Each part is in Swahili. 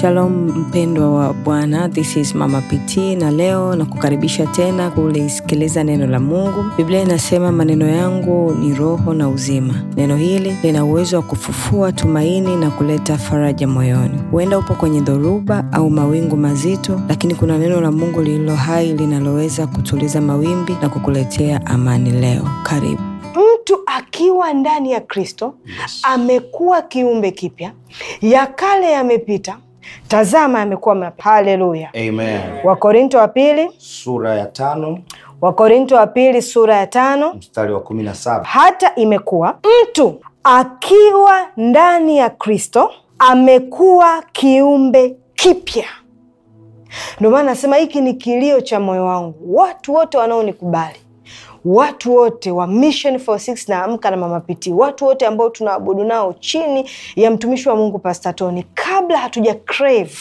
Shalom mpendwa wa Bwana, this is Mama PT na leo nakukaribisha tena kulisikiliza neno la Mungu. Biblia inasema maneno yangu ni roho na uzima. Neno hili lina uwezo wa kufufua tumaini na kuleta faraja moyoni. Huenda upo kwenye dhoruba au mawingu mazito, lakini kuna neno la Mungu lililo hai linaloweza kutuliza mawimbi na kukuletea amani leo. Karibu. Mtu akiwa ndani ya Kristo, yes, amekuwa kiumbe kipya, ya kale yamepita tazama yamekuwa. Haleluya, amen. Wakorinto wa pili sura ya tano Wakorinto wa pili sura ya tano mstari wa kumi na saba hata imekuwa mtu akiwa ndani ya Kristo amekuwa kiumbe kipya. Ndio maana nasema hiki ni kilio cha moyo wangu, watu wote wanaonikubali watu wote wa Mission 46 na Amka na Mama Piti, watu wote ambao tunaabudu nao chini ya mtumishi wa Mungu Pastor Tony, kabla hatuja crave,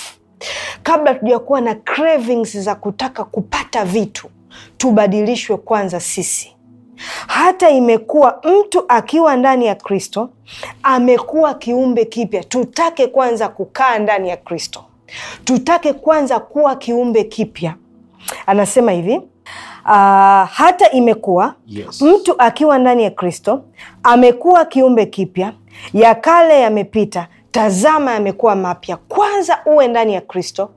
kabla hatujakuwa na cravings za kutaka kupata vitu, tubadilishwe kwanza sisi hata imekuwa mtu akiwa ndani ya Kristo amekuwa kiumbe kipya. Tutake kwanza kukaa ndani ya Kristo, tutake kwanza kuwa kiumbe kipya. Anasema hivi uh, hata imekuwa yes. Mtu akiwa ndani ya Kristo amekuwa kiumbe kipya, ya kale yamepita, tazama yamekuwa mapya. Kwanza uwe ndani ya Kristo,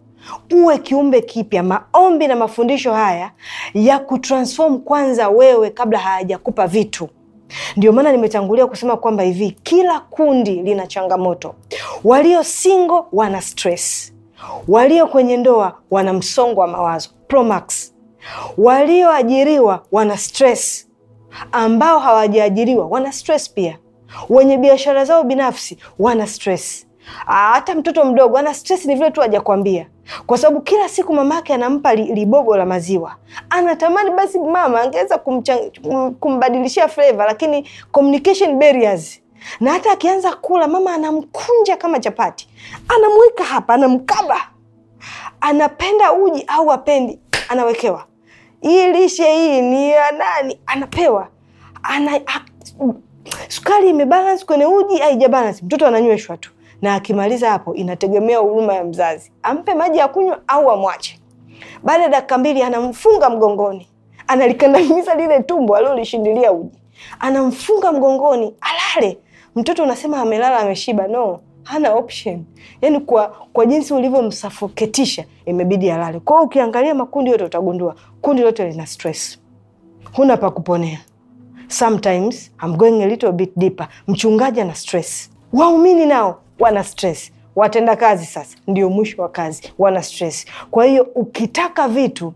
uwe kiumbe kipya. Maombi na mafundisho haya ya kutransform kwanza wewe kabla hayajakupa vitu. Ndio maana nimetangulia kusema kwamba hivi kila kundi lina changamoto. Walio singo wana stress, walio kwenye ndoa wana msongo wa mawazo. Promax Walioajiriwa wana stress, ambao hawajaajiriwa wana stress pia, wenye biashara zao binafsi wana stress. Hata mtoto mdogo ana stress, ni vile tu hajakwambia, kwa sababu kila siku mamake anampa libogo la maziwa, anatamani basi mama angeweza kumbadilishia flavor, lakini communication barriers na hata akianza kula mama anamkunja kama chapati, anamweka hapa, anamkaba, anapenda uji au apendi, anawekewa hii lishe hii ni ya nani, anapewa ana, sukari imebalance kwenye uji haijabalance, mtoto ananyweshwa tu, na akimaliza hapo inategemea huruma ya mzazi, ampe maji ya kunywa au amwache. Baada ya dakika mbili anamfunga mgongoni, analikandamiza lile tumbo alilolishindilia uji, anamfunga mgongoni alale. Mtoto unasema amelala ameshiba? No, hana option. Yani kwa, kwa jinsi ulivyomsafoketisha imebidi alale. Kwa hiyo ukiangalia makundi yote utagundua kundi lote lina stress, huna pa kuponea. Sometimes I'm going a little bit deeper. Mchungaji ana stress, waumini nao wana stress, watenda kazi sasa ndio mwisho wa kazi wana stress. Kwa hiyo ukitaka vitu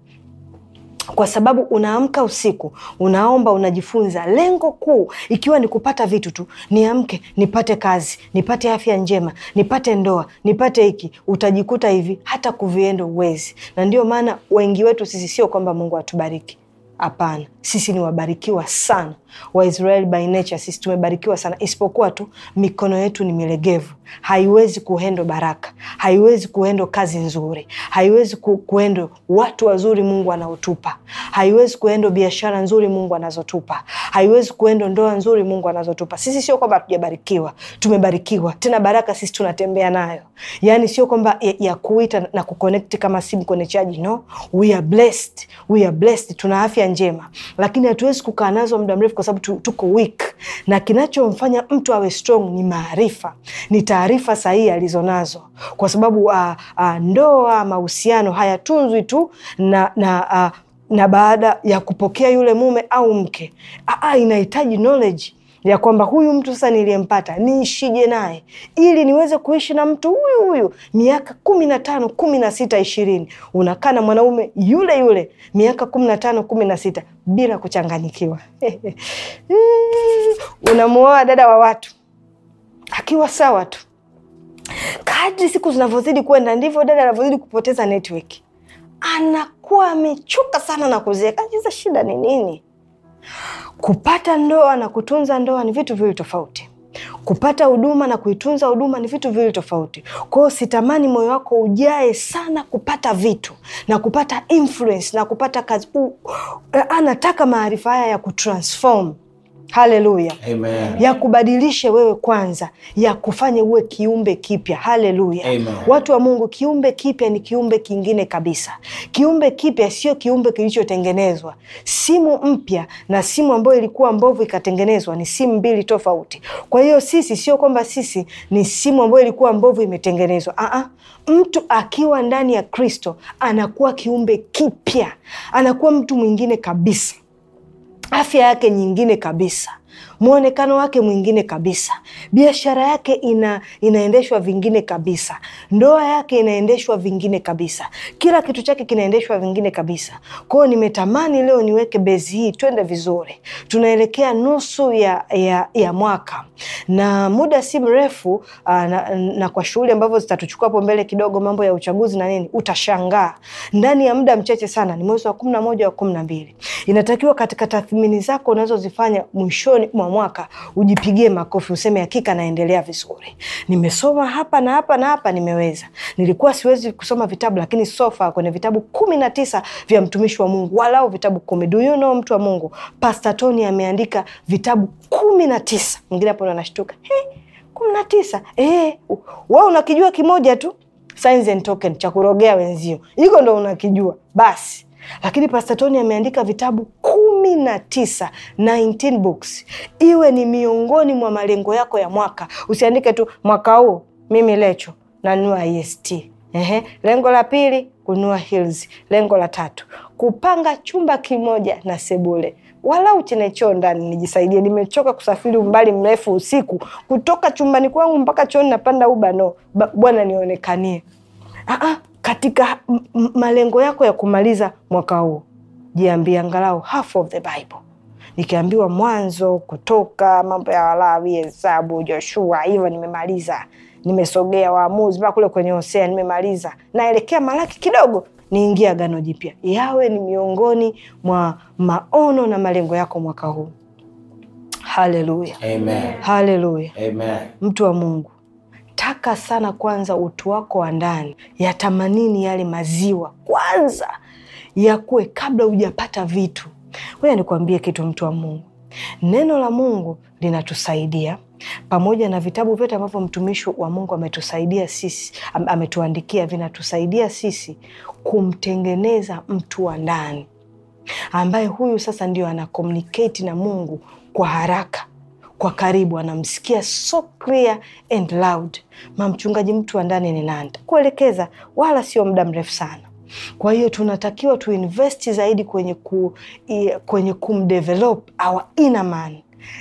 kwa sababu unaamka usiku, unaomba, unajifunza, lengo kuu ikiwa ni kupata vitu tu, niamke nipate kazi, nipate afya njema, nipate ndoa, nipate hiki, utajikuta hivi hata kuviendo uwezi. Na ndio maana wengi wetu sisi, sio kwamba Mungu atubariki, hapana, sisi ni wabarikiwa sana Waisraeli by nature sisi tumebarikiwa sana, isipokuwa tu mikono yetu ni milegevu, haiwezi kuhendo baraka, haiwezi kuhendo kazi nzuri, haiwezi kuhendo watu wazuri Mungu anaotupa, haiwezi kuhendo biashara nzuri Mungu anazotupa, haiwezi kuhendo ndoa nzuri Mungu anazotupa. Sisi sio kwamba hatujabarikiwa, tumebarikiwa tena, baraka sisi tunatembea nayo, yani sio kwamba ya, ya kuita na kuconnect kama simu kwenye chaji. No, we are blessed, we are blessed, tuna afya njema, lakini hatuwezi kukaa nazo muda mrefu kwa sababu tuko weak, na kinachomfanya mtu awe strong ni maarifa, ni taarifa sahihi alizonazo, kwa sababu a, ah, a, ah, ndoa, mahusiano hayatunzwi tu na, na a, ah, na baada ya kupokea yule mume au mke, inahitaji knowledge ya kwamba huyu mtu sasa niliyempata niishije naye ili niweze kuishi na mtu huyu huyu miaka kumi na tano kumi na sita ishirini unakaa na mwanaume yule yule miaka kumi na tano kumi na sita bila kuchanganyikiwa unamuoa dada wa watu akiwa sawa tu kadri siku zinavyozidi kwenda ndivyo dada anavyozidi kupoteza network anakuwa amechoka sana na kuzeeka. shida ni nini? Kupata ndoa na kutunza ndoa ni vitu viwili tofauti. Kupata huduma na kuitunza huduma ni vitu viwili tofauti. Kwa hiyo sitamani moyo wako ujae sana kupata vitu na kupata influence na kupata kazi. Eh, anataka maarifa haya ya kutransform Haleluya, yakubadilishe wewe kwanza, ya kufanye uwe kiumbe kipya. Haleluya, watu wa Mungu, kiumbe kipya ni kiumbe kingine kabisa. Kiumbe kipya sio kiumbe kilichotengenezwa. Simu mpya na simu ambayo ilikuwa mbovu ikatengenezwa ni simu mbili tofauti. Kwa hiyo sisi sio kwamba sisi ni simu ambayo ilikuwa mbovu imetengenezwa. Aa, ah, ah. mtu akiwa ndani ya Kristo anakuwa kiumbe kipya, anakuwa mtu mwingine kabisa afya yake nyingine kabisa mwonekano wake mwingine kabisa, biashara yake ina, inaendeshwa vingine kabisa, ndoa yake inaendeshwa vingine kabisa, kila kitu chake kinaendeshwa vingine kabisa. Kwao nimetamani leo niweke bezi hii, twende vizuri. Tunaelekea nusu ya, ya, ya mwaka na muda si mrefu na, ah, na, na kwa shughuli ambavyo zitatuchukua hapo mbele kidogo, mambo ya uchaguzi na nini, utashangaa ndani ya muda mchache sana, ni mwezi wa kumi na moja wa kumi na mbili, inatakiwa katika tathmini zako unazozifanya mwishoni mwa mwaka ujipigie makofi useme hakika naendelea vizuri, nimesoma hapa na hapa na hapa, nimeweza. Nilikuwa siwezi kusoma vitabu, lakini sofa kwenye vitabu kumi na tisa vya mtumishi wa Mungu, walau vitabu kumi. Do you know, mtu wa Mungu, Pastor Tony ameandika vitabu kumi na tisa. Mwingine hapo anashtuka hey, kumi na tisa hey, we unakijua kimoja tu Signs and Token cha kurogea wenzio, hiko ndo unakijua basi, lakini pastatoni ameandika vitabu kumi kumi na tisa 19 books iwe ni miongoni mwa malengo yako ya mwaka. Usiandike tu mwaka huu mimi Lecho nanua est. Ehe, lengo la pili kunua heels. Lengo la tatu kupanga chumba kimoja na sebule walau chenye choo ndani, nijisaidie. Nimechoka kusafiri umbali mrefu usiku kutoka chumbani kwangu mpaka chooni, napanda uba. No bwana, nionekanie. Aa, ah, ah, katika malengo yako ya kumaliza mwaka huu jiambia angalau half of the Bible. Nikiambiwa Mwanzo, Kutoka, mambo ya Walawi, Hesabu, Joshua, hivyo nimemaliza. Nimesogea Waamuzi mpaka kule kwenye Hosea, nimemaliza. Naelekea Malaki kidogo, niingia Agano Jipya. Yawe ni miongoni mwa maono na malengo yako mwaka huu. Haleluya, amen. Haleluya, amen. Mtu wa Mungu, taka sana kwanza utu wako wa ndani, yatamanini yale maziwa kwanza yakue kabla hujapata vitu. huya nikuambie kitu, mtu wa Mungu, neno la Mungu linatusaidia pamoja na vitabu vyote ambavyo mtumishi wa Mungu ametusaidia sisi, am, ametuandikia vinatusaidia sisi kumtengeneza mtu wa ndani ambaye huyu sasa ndio ana communicate na Mungu kwa haraka, kwa karibu, anamsikia so clear and loud. Mamchungaji, mtu wa ndani ni nani? Kuelekeza wala sio muda mrefu sana. Kwa hiyo tunatakiwa tuinvesti zaidi kwenye, ku, kwenye kumdevelop our inner man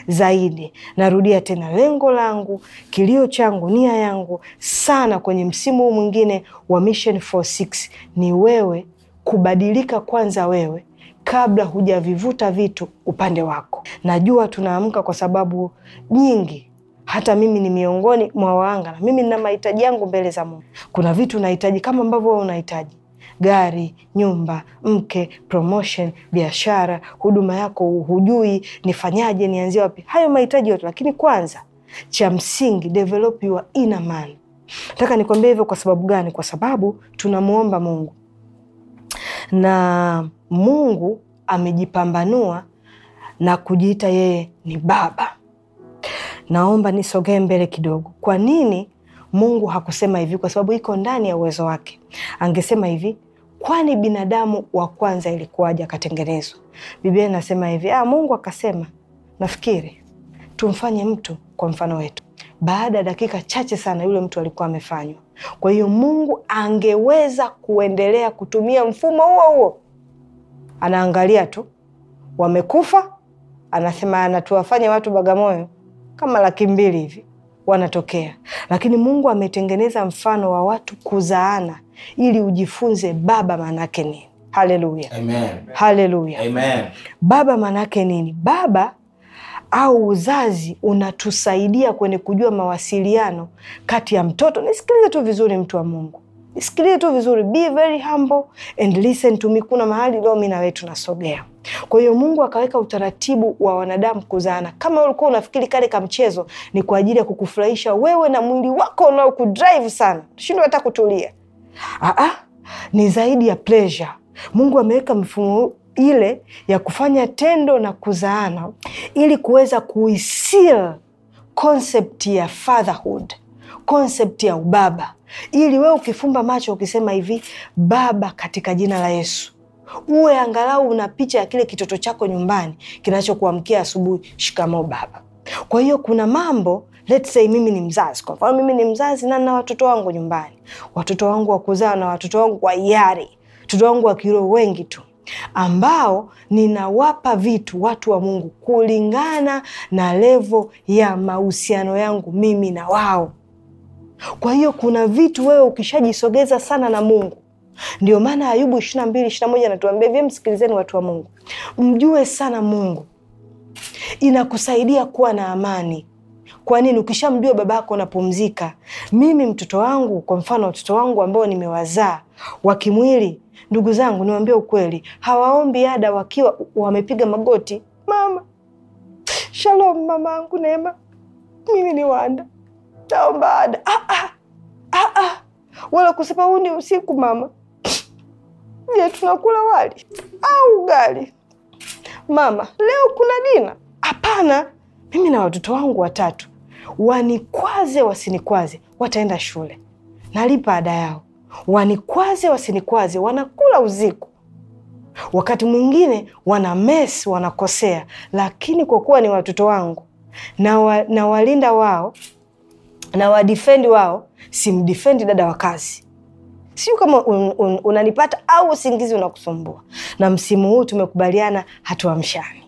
zaidi. Narudia tena, lengo langu, kilio changu, nia yangu sana kwenye msimu huu mwingine wa Mission 46 ni wewe kubadilika kwanza wewe kabla hujavivuta vitu upande wako. Najua tunaamka kwa sababu nyingi hata mimi ni miongoni mwa waanga, na mimi nina mahitaji yangu mbele za Mungu. Kuna vitu nahitaji kama ambavyo wewe unahitaji, gari, nyumba, mke, promotion, biashara, huduma yako hujui nifanyaje, nianzie wapi, hayo mahitaji yote. Lakini kwanza cha msingi, develop your inner man. Nataka nikwambie hivyo kwa sababu gani? Kwa sababu tunamwomba Mungu na Mungu amejipambanua na kujiita yeye ni Baba. Naomba nisogee mbele kidogo. Kwa nini Mungu hakusema hivi? Kwa sababu iko ndani ya uwezo wake. Angesema hivi, kwani binadamu wa kwanza ilikuwaje akatengenezwa? Biblia inasema hivi, ah, Mungu akasema, nafikiri tumfanye mtu kwa mfano wetu. Baada ya dakika chache sana, yule mtu alikuwa amefanywa. Kwa hiyo Mungu angeweza kuendelea kutumia mfumo huo huo, anaangalia tu wamekufa, anasema anatuwafanya watu Bagamoyo kama laki mbili hivi wanatokea, lakini Mungu ametengeneza mfano wa watu kuzaana ili ujifunze baba maanake nini. Haleluya, amen. Haleluya, amen. Baba maanake nini? Baba au uzazi unatusaidia kwenye kujua mawasiliano kati ya mtoto. Nisikilize tu vizuri, mtu wa Mungu, nisikilize tu vizuri, be very humble and listen to me. Kuna mahali leo mi na nawe tunasogea kwa hiyo Mungu akaweka utaratibu wa wanadamu kuzaana. Kama ulikuwa unafikiri kale ka mchezo ni kwa ajili ya kukufurahisha wewe na mwili wako unaokudrive sana, shindwa hata kutulia. Aa, ni zaidi ya pleasure. Mungu ameweka mfumo ile ya kufanya tendo na kuzaana ili kuweza kuisil concept ya fatherhood, concept ya ubaba, ili wewe ukifumba macho ukisema hivi, Baba, katika jina la Yesu uwe angalau una picha ya kile kitoto chako nyumbani kinachokuamkia asubuhi, shikamo baba. Kwa hiyo kuna mambo let's say, mimi ni mzazi kwa mfano, mimi ni mzazi na na watoto wangu nyumbani, watoto wangu wa kuzaa na watoto wangu wa hiari, watoto wangu wa kiroho wengi tu ambao ninawapa vitu watu wa Mungu kulingana na levo ya mahusiano yangu mimi na wao. Kwa hiyo kuna vitu wewe ukishajisogeza sana na Mungu ndio maana Ayubu ishirina mbili ishirini moja anatuambia vye, msikilizeni watu wa Mungu, mjue sana Mungu inakusaidia kuwa na amani. Kwa nini? Ukishamjua baba yako unapumzika. Mimi mtoto wangu, kwa mfano watoto wangu ambao nimewazaa wa kimwili, ndugu zangu, niwaambie ukweli, hawaombi ada wakiwa wamepiga magoti, mama Shalom, mamangu Neema, mimi ni Wanda, naomba ada, ah, ah, ah, ah, wala kusema huu ni usiku mama Je, tunakula wali au ugali? Mama, leo kuna dina? Hapana, mimi na watoto wangu watatu, wanikwaze wasinikwaze, wataenda shule, nalipa ada yao. Wanikwaze wasinikwaze, wanakula uziku Wakati mwingine wana mess, wanakosea, lakini kwa kuwa ni watoto wangu na, wa, na walinda wao na wadifendi wao, simdifendi dada wa kazi sio kama un, un, unanipata au usingizi unakusumbua. Na msimu huu tumekubaliana hatuamshani.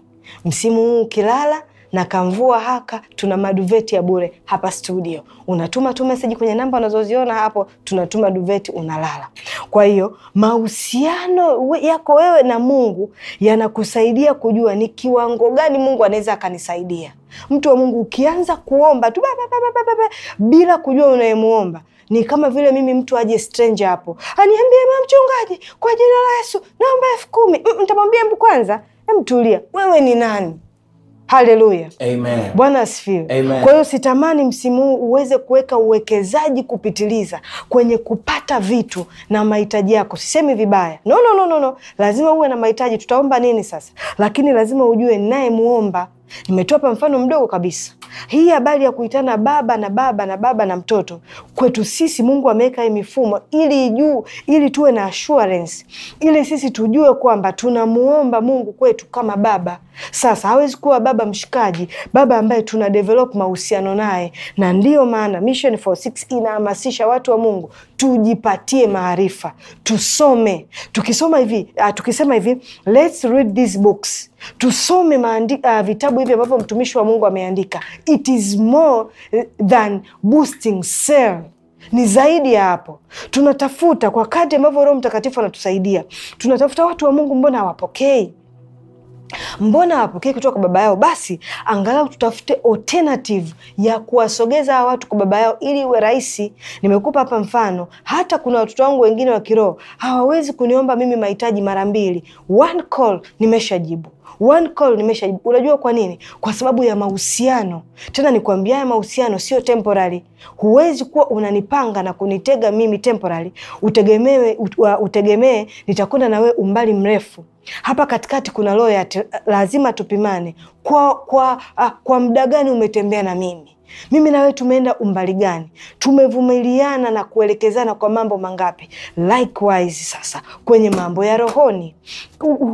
Msimu huu ukilala na kamvua haka, tuna maduveti ya bure hapa studio. Unatuma tu meseji kwenye namba unazoziona hapo, tunatuma duveti, unalala. Kwa hiyo mahusiano yako wewe na Mungu yanakusaidia kujua ni kiwango gani Mungu anaweza akanisaidia. Mtu wa Mungu ukianza kuomba tu bila kujua unayemuomba ni kama vile mimi mtu aje stranger hapo aniambie mama mchungaji, kwa jina la Yesu naomba elfu kumi. Mm, nitamwambia hebu kwanza, emtulia, wewe ni nani? Haleluya, Bwana asifiwe. Kwa hiyo sitamani msimu huu uweze kuweka uwekezaji kupitiliza kwenye kupata vitu na mahitaji yako. Sisemi vibaya, no, no, no, no, no. Lazima uwe na mahitaji. Tutaomba nini sasa? Lakini lazima ujue naye muomba Nimetoa hapa mfano mdogo kabisa. Hii habari ya kuitana baba na baba na baba na mtoto, kwetu sisi Mungu ameweka hii mifumo ili juu, ili tuwe na assurance, ili sisi tujue kwamba tunamuomba Mungu kwetu kama baba sasa hawezi kuwa baba mshikaji, baba ambaye tuna develop mahusiano naye, na ndiyo maana Mission 46 inahamasisha watu wa Mungu tujipatie maarifa, tusome. Tukisoma hivi uh, tukisema hivi let's read these books, tusome maandi, uh, vitabu hivi ambavyo mtumishi wa Mungu ameandika. It is more eh, than boosting self ni zaidi ya hapo. Tunatafuta kwa kadri ambavyo Roho Mtakatifu anatusaidia, tunatafuta watu wa Mungu, mbona hawapokei? mbona apokee kutoka kwa baba yao, basi angalau tutafute alternative ya kuwasogeza hawa watu kwa baba yao ili iwe rahisi. Nimekupa hapa mfano, hata kuna watoto wangu wengine wa kiroho hawawezi kuniomba mimi mahitaji mara mbili. One call nimeshajibu one call nimeshajibu. Unajua kwa nini? Kwa sababu ya mahusiano. Tena nikwambia, ya mahusiano sio temporary. Huwezi kuwa unanipanga na kunitega mimi temporary utegemee, utegemee nitakwenda na wewe umbali mrefu hapa katikati kuna loyalty, lazima tupimane kwa, kwa, ah, kwa muda gani umetembea na mimi mimi na wewe tumeenda umbali gani? Tumevumiliana na kuelekezana kwa mambo mangapi? Likewise sasa kwenye mambo ya rohoni,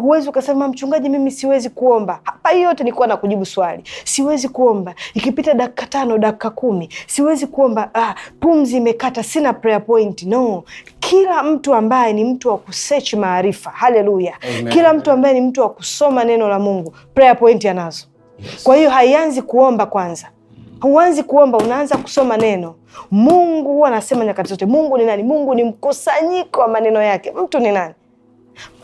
huwezi ukasema mchungaji, mimi siwezi kuomba. Hapa hii yote na kujibu swali, siwezi kuomba. Ikipita dakika tano, dakika kumi, siwezi kuomba. Ah, pumzi imekata, sina prayer point. No, kila mtu ambaye ni mtu wa kusearch maarifa, haleluya, kila mtu ambaye ni mtu wa kusoma neno la Mungu, prayer point anazo. Yes. Kwa hiyo haianzi kuomba kwanza Huanzi kuomba, unaanza kusoma neno. Mungu huwa anasema nyakati zote. Mungu ni nani? Mungu ni mkusanyiko wa maneno yake. Mtu ni nani?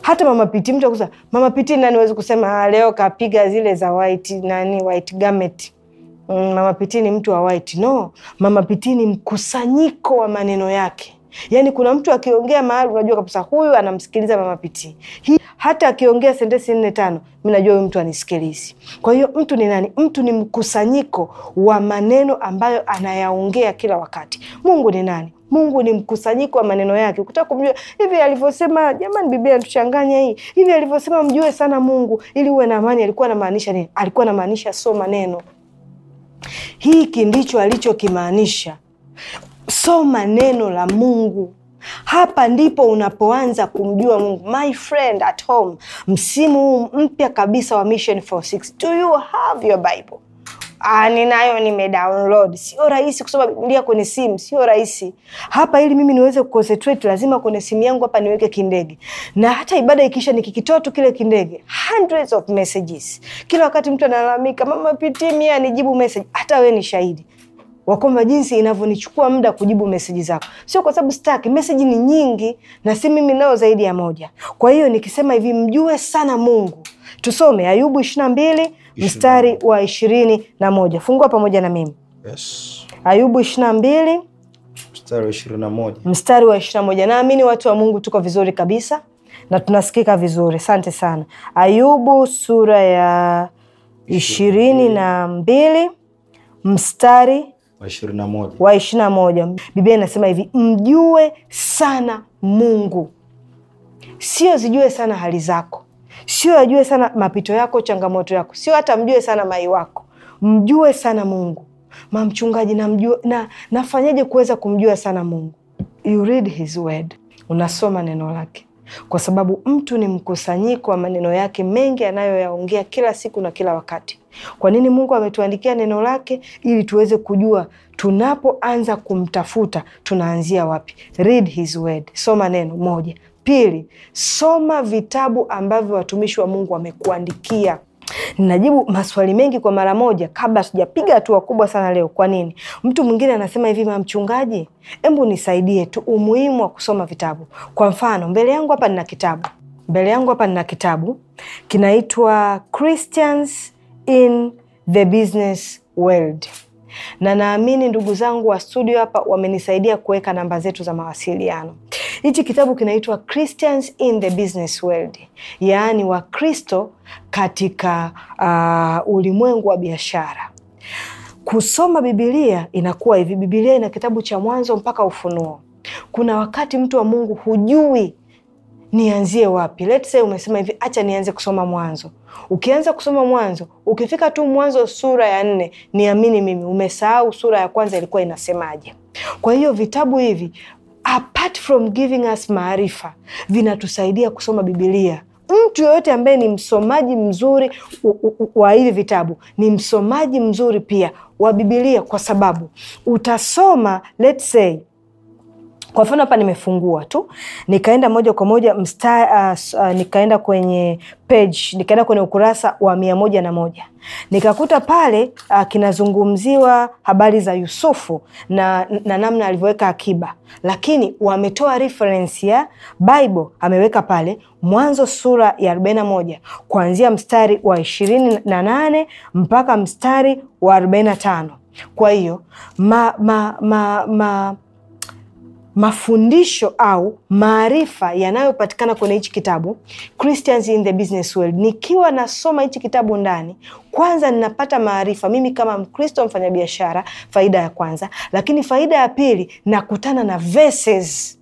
Hata mama Piti, mtu akusa mama Piti nani? Wezi kusema ah, leo kapiga zile za white nani, white garment. Mm, mama Piti ni mtu wa white? No, mama Piti ni mkusanyiko wa maneno yake. Yaani kuna mtu akiongea mahali unajua kabisa huyu anamsikiliza Mama Piti. Pitii. Hata akiongea sentensi nne tano, mimi najua huyu mtu anisikilizi. Kwa hiyo mtu ni nani? Mtu ni mkusanyiko wa maneno ambayo anayaongea kila wakati. Mungu ni nani? Mungu ni mkusanyiko wa maneno yake. Ukitaka kumjua hivi alivyosema, jamani, Biblia inatuchanganya hii. Hivi alivyosema mjue sana Mungu ili uwe na amani, alikuwa anamaanisha nini? Alikuwa anamaanisha so maneno, hiki ndicho alichokimaanisha soma neno la Mungu. Hapa ndipo unapoanza kumjua Mungu. My friend at home, msimu huu mpya kabisa wa Mission 46. Do you have your Bible? Ah, ninayo nimedownload. Sio rahisi kusoma Biblia kwenye simu, sio rahisi. Hapa ili mimi niweze kuconcentrate lazima kwenye simu yangu hapa niweke kindege. Na hata ibada ikisha nikikitoa tu kile kindege, hundreds of messages. Kila wakati mtu analalamika, mama pitie mia nijibu message. Hata wewe ni shahidi wa kwamba jinsi inavyonichukua muda kujibu meseji zako, sio kwa sababu sitaki. Meseji ni nyingi na si mimi nao zaidi ya moja. Kwa hiyo nikisema hivi, mjue sana Mungu. Tusome Ayubu ishirini na mbili mstari wa ishirini na moja Fungua pamoja na mimi yes. Ayubu ishirini na mbili mstari wa ishirini na moja mstari wa Naamini watu wa Mungu tuko vizuri kabisa na tunasikika vizuri, asante sana. Ayubu sura ya ishirini na mbili mstari wa ishirini na moja bibia Biblia inasema hivi, mjue sana Mungu, sio zijue sana hali zako, sio ajue sana mapito yako, changamoto yako, sio hata mjue sana mai wako, mjue sana Mungu. Mamchungaji, namjua na nafanyaje kuweza kumjua sana Mungu? You read his word, unasoma neno lake kwa sababu mtu ni mkusanyiko wa maneno yake mengi anayoyaongea kila siku na kila wakati. Kwa nini Mungu ametuandikia neno lake? Ili tuweze kujua tunapoanza kumtafuta tunaanzia wapi. Read his word, soma neno moja. Pili, soma vitabu ambavyo watumishi wa Mungu wamekuandikia. Ninajibu maswali mengi kwa mara moja kabla sijapiga hatua kubwa sana leo. Kwa nini? Mtu mwingine anasema hivi, ma mchungaji, hebu nisaidie tu umuhimu wa kusoma vitabu. Kwa mfano, mbele yangu hapa nina kitabu, mbele yangu hapa nina kitabu kinaitwa Christians in the Business World na naamini ndugu zangu wa studio hapa wamenisaidia kuweka namba zetu za mawasiliano. Hichi kitabu kinaitwa Christians in the Business World, yaani Wakristo katika uh, ulimwengu wa biashara. Kusoma Bibilia inakuwa hivi. Bibilia ina kitabu cha Mwanzo mpaka Ufunuo. Kuna wakati mtu wa Mungu hujui nianzie wapi? Let's say umesema hivi, acha nianze kusoma Mwanzo. Ukianza kusoma Mwanzo, ukifika tu Mwanzo sura ya nne, niamini mimi umesahau sura ya kwanza ilikuwa inasemaje. Kwa hiyo vitabu hivi apart from giving us maarifa, vinatusaidia kusoma Bibilia. Mtu yoyote ambaye ni msomaji mzuri wa hivi vitabu ni msomaji mzuri pia wa Bibilia, kwa sababu utasoma let's say kwa mfano hapa nimefungua tu nikaenda moja kwa moja msta, uh, uh, nikaenda kwenye page, nikaenda kwenye ukurasa wa mia moja na moja nikakuta pale uh, kinazungumziwa habari za Yusufu na, na namna alivyoweka akiba, lakini wametoa reference ya Bible, ameweka pale Mwanzo sura ya 41 kuanzia mstari wa 28 mpaka mstari wa 45. Kwa hiyo ma, ma, ma, ma mafundisho au maarifa yanayopatikana kwenye hichi kitabu Christians in the Business World. Nikiwa nasoma hichi kitabu ndani, kwanza ninapata maarifa mimi kama Mkristo mfanyabiashara, faida ya kwanza. Lakini faida ya pili, nakutana na verses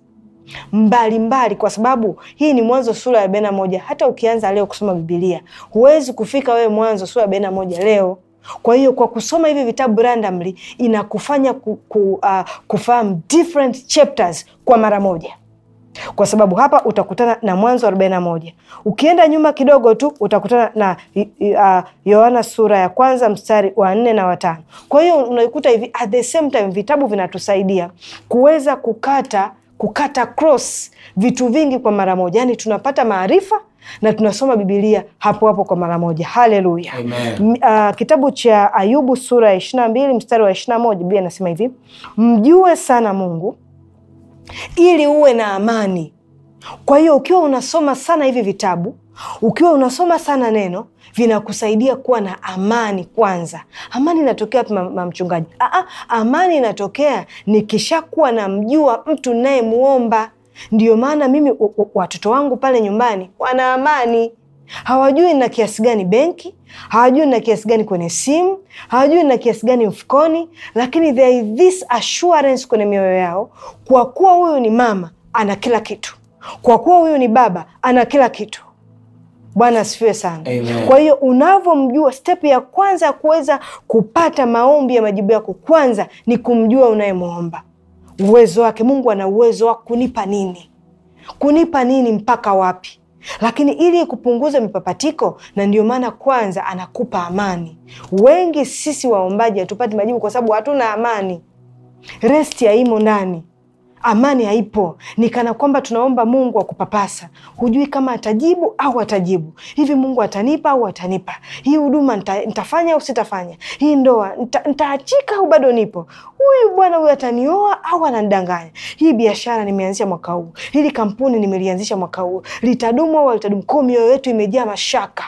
mbalimbali mbali, kwa sababu hii ni Mwanzo sura ya arobaini na moja. Hata ukianza leo kusoma Bibilia huwezi kufika wewe Mwanzo sura ya arobaini na moja leo. Kwa hiyo kwa kusoma hivi vitabu randomly inakufanya ku, ku, uh, kufahamu different chapters kwa mara moja, kwa sababu hapa utakutana na Mwanzo 41. Ukienda nyuma kidogo tu utakutana na uh, Yohana sura ya kwanza mstari wa nne na watano. Kwa hiyo unaikuta hivi at the same time vitabu vinatusaidia kuweza kukata kukata cross vitu vingi kwa mara moja, yani tunapata maarifa na tunasoma Bibilia hapo hapo kwa mara moja. Haleluya! Uh, kitabu cha Ayubu sura ya ishirini na mbili mstari wa ishirini na moja Biblia inasema hivi, mjue sana Mungu ili uwe na amani. Kwa hiyo ukiwa unasoma sana hivi vitabu ukiwa unasoma sana neno vinakusaidia kuwa na amani. Kwanza, amani inatokea wapi, mamchungaji? mchungaji? Aa, ah, ah, amani inatokea nikishakuwa namjua mtu nayemwomba Ndiyo maana mimi watoto wangu pale nyumbani wana amani, hawajui na kiasi gani benki, hawajui na kiasi gani kwenye simu, hawajui na kiasi gani mfukoni, lakini there is this assurance kwenye mioyo yao, kwa kuwa huyu ni mama ana kila kitu, kwa kuwa huyu ni baba ana kila kitu. Bwana asifiwe sana. Kwa hiyo unavyomjua, step ya kwanza ya kuweza kupata maombi ya majibu yako kwanza ni kumjua unayemwomba uwezo wake. Mungu ana uwezo wa kunipa nini, kunipa nini, mpaka wapi lakini ili kupunguza mipapatiko, na ndio maana kwanza anakupa amani. Wengi sisi waombaji hatupati majibu kwa sababu hatuna amani, resti haimo ndani amani haipo, ni kana kwamba tunaomba Mungu akupapasa, hujui kama atajibu au atajibu hivi, Mungu atanipa au atanipa hii huduma, nitafanya au sitafanya hii ndoa, nitaachika au bado nipo, huyu bwana huyu atanioa au anandanganya hii biashara nimeanzisha mwaka huu, hili kampuni nimelianzisha mwaka huu, litadumu au litadumu? Kwa mioyo yetu imejaa mashaka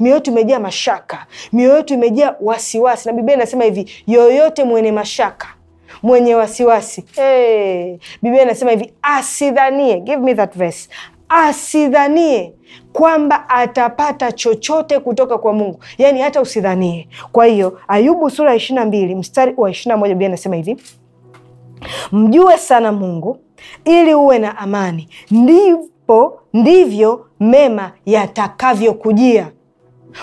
mioyo yetu imejaa mashaka, mioyo yetu imejaa wasiwasi, na Biblia inasema hivi, yoyote mwenye mashaka mwenye wasiwasi. Hey, eh, Biblia inasema hivi, asidhanie, give me that verse, asidhanie kwamba atapata chochote kutoka kwa Mungu, yaani hata usidhanie. Kwa hiyo Ayubu sura ya ishirini na mbili mstari wa ishirini na moja Biblia inasema hivi, mjue sana Mungu ili uwe na amani, ndipo ndivyo mema yatakavyokujia.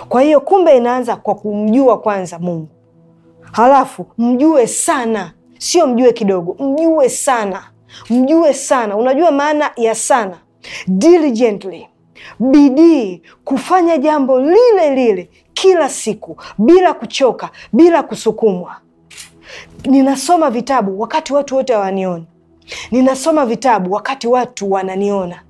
Kwa hiyo kumbe inaanza kwa kumjua kwanza Mungu, halafu mjue sana sio mjue kidogo, mjue sana, mjue sana. Unajua maana ya sana? Diligently, bidii kufanya jambo lile lile kila siku bila kuchoka, bila kusukumwa. Ninasoma vitabu wakati watu wote hawanioni, ninasoma vitabu wakati watu wananiona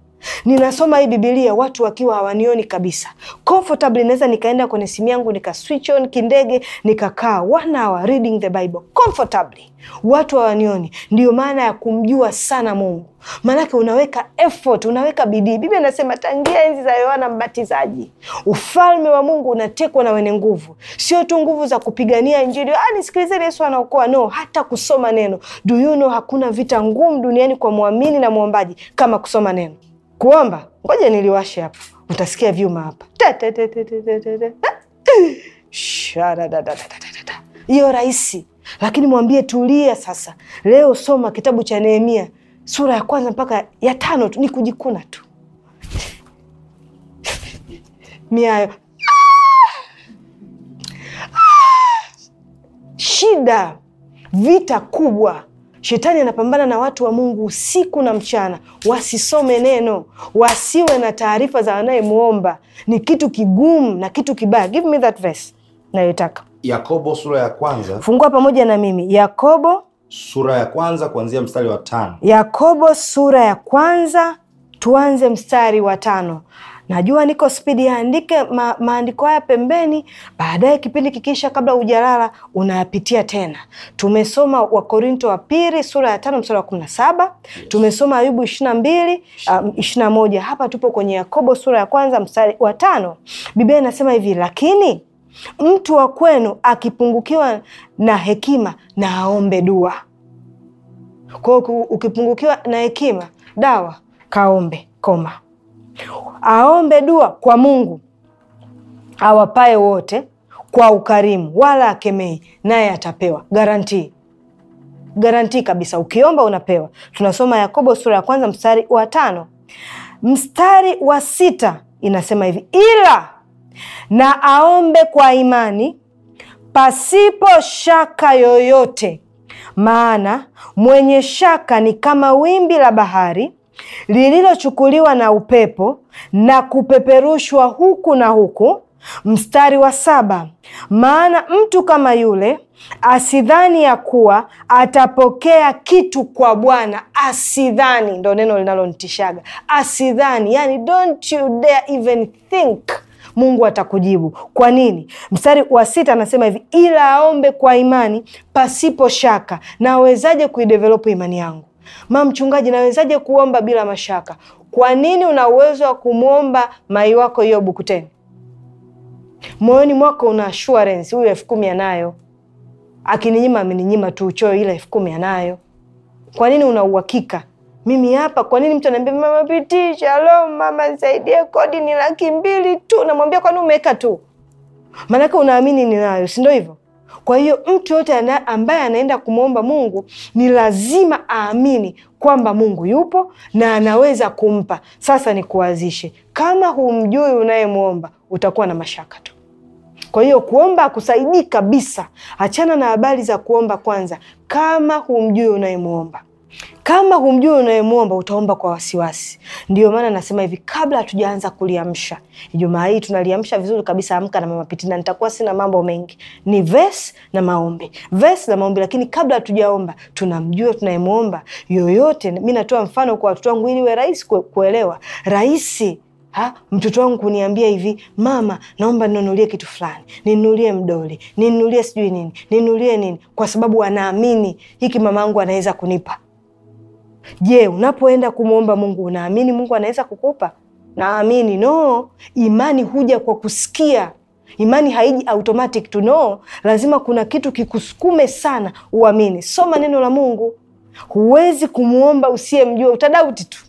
ninasoma hii Bibilia watu wakiwa hawanioni kabisa comfortably, naweza nikaenda kwenye simu yangu nika switch on kindege nikakaa one hour reading the Bible comfortably, watu hawanioni. Ndio maana ya kumjua sana Mungu, maanake unaweka effort, unaweka bidii. Biblia inasema tangia enzi za Yohana Mbatizaji ufalme wa Mungu unatekwa na wenye nguvu, sio tu nguvu za kupigania Injili, ah, nisikilizeni Yesu anaokoa, no, hata kusoma neno. Do you know, hakuna vita ngumu duniani kwa mwamini na mwombaji kama kusoma neno kuomba, ngoja niliwashe hapa, utasikia vyuma hapa hiyo rahisi, lakini mwambie tulia. Sasa leo soma kitabu cha Nehemia sura ya kwanza mpaka ya tano tu, ni kujikuna tu miayo ah. Ah. shida, vita kubwa Shetani anapambana na watu wa Mungu usiku na mchana, wasisome neno, wasiwe na taarifa za wanayemwomba. Ni kitu kigumu na kitu kibaya. Give me that verse nayotaka. Yakobo sura ya kwanza, fungua pamoja na mimi Yakobo sura ya kwanza kuanzia mstari wa tano. Yakobo sura ya kwanza tuanze mstari wa tano najua niko spidi, yaandike ma, maandiko haya pembeni, baadaye kipindi kikiisha, kabla ujalala unayapitia tena. Tumesoma Wakorinto wa pili sura ya tano msara wa kumi na saba yes. Tumesoma Ayubu ishirina na mbili um, na moja Hapa tupo kwenye Yakobo sura ya kwanza mstari wa tano Biblia inasema hivi, lakini mtu wa kwenu akipungukiwa na hekima na aombe dua. kwao ukipungukiwa na hekima, dawa kaombe, koma aombe dua kwa Mungu awapae wote kwa ukarimu, wala akemei, naye atapewa. Garantii, garantii kabisa, ukiomba unapewa. Tunasoma Yakobo sura ya kwanza mstari wa tano mstari wa sita inasema hivi, ila na aombe kwa imani pasipo shaka yoyote, maana mwenye shaka ni kama wimbi la bahari lililochukuliwa na upepo na kupeperushwa huku na huku. Mstari wa saba, maana mtu kama yule asidhani ya kuwa atapokea kitu kwa Bwana. Asidhani ndo neno linalonitishaga, asidhani. Yani, don't you dare even think Mungu atakujibu. Kwa nini? Mstari wa sita anasema hivi, ila aombe kwa imani pasipo shaka. Nawezaje kuidevelopu imani yangu? Ma mchungaji, nawezaje kuomba bila mashaka? Kwa nini una uwezo wa kumwomba mai wako hiyo Bukuteni? Moyoni mwako una assurance, huyu elfu kumi anayo, akininyima ameninyima tu uchoyo, ila elfu kumi anayo. Kwa nini una uhakika? Mimi hapa, kwa nini mtu anaambia mama pitisha shalom, mama nisaidie kodi ni laki mbili tu, namwambia kwani umeweka tu, maanake unaamini ninayo, si ndio hivyo? Kwa hiyo mtu yote ambaye anaenda kumwomba Mungu ni lazima aamini kwamba Mungu yupo na anaweza kumpa. Sasa nikuwazishe, kama humjui unayemwomba utakuwa na mashaka tu. Kwa hiyo kuomba akusaidii kabisa, achana na habari za kuomba kwanza, kama humjui unayemwomba. Kama humjui unayemwomba utaomba kwa wasiwasi. Ndio maana nasema hivi, kabla hatujaanza kuliamsha Ijumaa hii tunaliamsha vizuri kabisa. Amka na Mama Pitina, nitakuwa sina mambo mengi, ni verse na maombi, verse na maombi. Lakini kabla hatujaomba tunamjua tunayemwomba yoyote. Mi natoa mfano kwa watoto wangu ili iwe rahisi kuelewa. Rahisi Ha, mtoto wangu kuniambia hivi, mama, naomba ninunulie kitu fulani, ninunulie mdoli, ninunulie sijui nini, ninunulie nini, kwa sababu anaamini hiki mama angu anaweza kunipa Je, unapoenda kumwomba Mungu unaamini Mungu anaweza kukupa? Naamini. No, imani huja kwa kusikia. Imani haiji automatic tu, no. Lazima kuna kitu kikusukume sana uamini. Soma neno la Mungu. Huwezi kumwomba usiyemjua, utadauti tu,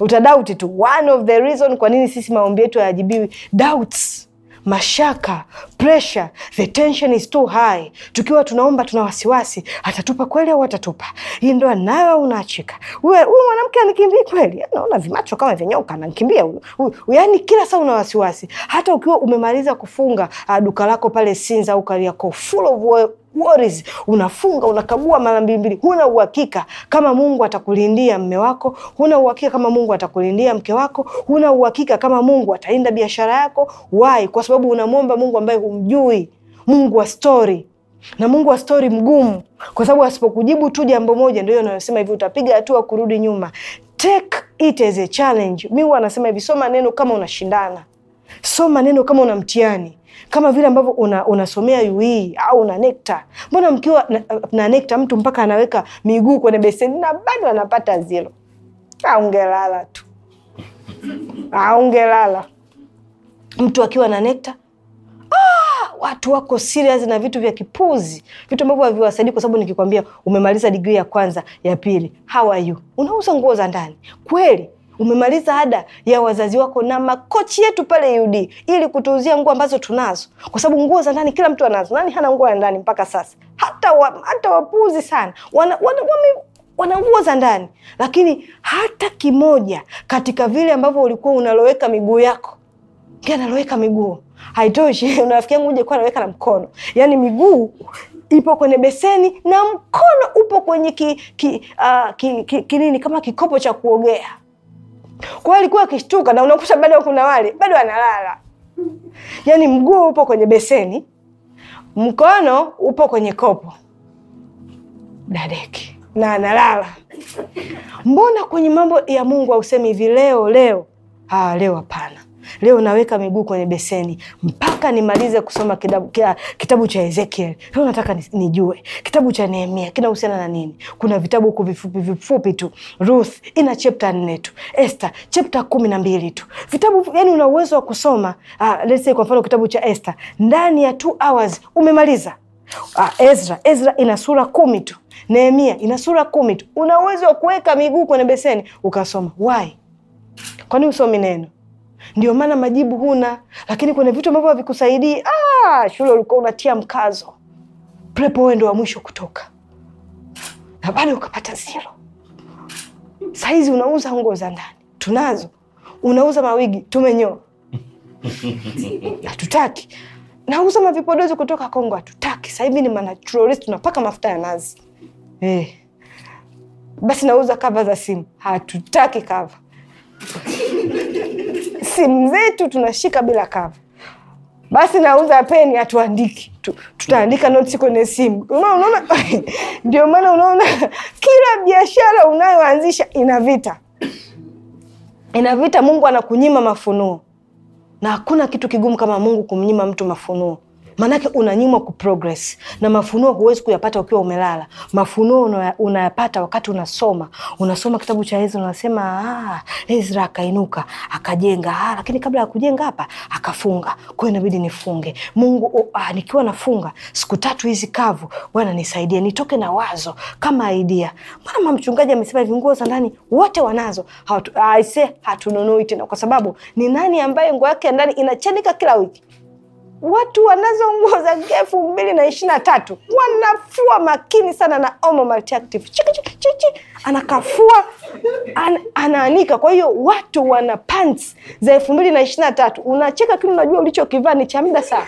utadauti tu. One of the reason kwa nini sisi maombi yetu hayajibiwi, doubts mashaka, pressure, the tension is too high. Tukiwa tunaomba tuna wasiwasi, atatupa kweli au atatupa? Hii ndoa nayo au unaachika? Wewe huyu mwanamke anikimbii kweli? Yaani naona vimacho kama vyenyoka anakimbia huyu. Yaani kila saa una wasiwasi. Hata ukiwa umemaliza kufunga ah, duka lako pale Sinza au Kariakoo full of worries, unafunga unakagua mara mbili mbili. Huna uhakika kama Mungu atakulindia mme wako, huna uhakika kama Mungu atakulindia mke wako, huna uhakika kama Mungu atalinda biashara yako. Why? Kwa sababu unamwomba Mungu ambaye humjui, Mungu wa stori na Mungu wa stori mgumu, kwa sababu asipokujibu tu jambo moja, ndio anayosema hivi, utapiga hatua kurudi nyuma. Take it as a challenge. Mi huwa anasema hivi, soma neno kama unashindana, soma neno kama una mtihani kama vile ambavyo unasomea una UE au una nekta. Mbona mkiwa na, na nekta mtu mpaka anaweka miguu kwenye beseni na bado anapata zero? Aungelala tu, aungelala mtu akiwa na nekta. Ah, watu wako serious na vitu vya kipuzi, vitu ambavyo haviwasaidii, kwa sababu nikikwambia umemaliza digrii ya kwanza ya pili, how are you, unauza nguo za ndani kweli umemaliza ada ya wazazi wako na makochi yetu pale UD ili kutuuzia nguo ambazo tunazo, kwa sababu nguo za ndani kila mtu anazo. Nani hana nguo ya ndani mpaka sasa? Hata wa, hata wapuuzi sana wana, wana, wame, wana nguo za ndani, lakini hata kimoja katika vile ambavyo ulikuwa unaloweka miguu yako naloweka miguu haitoshi. Rafiki yangu uje kwa anaweka na mkono, yaani miguu ipo kwenye beseni na mkono upo kwenye ki, ki, uh, ki, ki, kinini kama kikopo cha kuogea. Kwa alikuwa akishtuka, na unakuta bado kuna wale bado analala, yaani mguu upo kwenye beseni, mkono upo kwenye kopo dadeki na analala. Mbona kwenye mambo ya Mungu hausemi hivi, leo leo? Ah, leo hapana leo naweka miguu kwenye beseni mpaka nimalize kusoma kitabu, kitabu cha Ezekiel. Leo nataka nijue kitabu cha Nehemia kinahusiana na nini. Kuna vitabu huku vifupi vifupi tu. Ruth ina chapter nne tu, Esther chapter kumi na mbili tu. Vitabu yani una uwezo wa kusoma uh, let's say kwa mfano kitabu cha Esther ndani ya two hours umemaliza. Uh, Ezra Ezra ina sura kumi tu. Nehemia ina sura kumi tu. Una uwezo wa kuweka miguu kwenye beseni ukasoma. Why? Kwani usomi neno ndio maana majibu huna, lakini kuna vitu ambavyo havikusaidii. Ah, shule ulikuwa unatia mkazo, prepo wewe ndo wa mwisho kutoka na bado ukapata zero. Saizi unauza nguo za ndani, tunazo. Unauza mawigi, tumenyoa, hatutaki. Nauza mavipodozi kutoka Kongo, hatutaki. Sahivi ni manaturalist, tunapaka mafuta ya nazi eh. Basi nauza kava za simu, hatutaki kava simu zetu tunashika bila kava Basi nauza peni, hatuandiki tu, tutaandika noti kwenye simu. Unaona, ndio maana unaona kila biashara unayoanzisha ina vita, ina vita. Mungu anakunyima mafunuo, na hakuna kitu kigumu kama Mungu kumnyima mtu mafunuo maanake unanyimwa kuprogress na mafunuo huwezi kuyapata ukiwa umelala. Mafunuo unayapata wakati unasoma, unasoma kitabu cha Ezra unasema ah, Ezra akainuka akajenga, Aa, ah, lakini kabla ya kujenga hapa akafunga, kwayo inabidi nifunge. Mungu oh, ah, nikiwa nafunga siku tatu hizi kavu, Bwana nisaidie nitoke na wazo kama aidia Mama mchungaji amesema hivi, nguo za ndani wote wanazo, aise hatununui tena, kwa sababu ni nani ambaye nguo yake ya ndani inachanika kila wiki watu wanazo nguo za elfu mbili na ishirini na tatu wanafua makini sana na omo multiactive chiki chiki chiki. anakafua an, anaanika kwa hiyo watu wana pants za elfu mbili na ishirini na tatu unacheka kini unajua ulichokivaa ni cha muda saa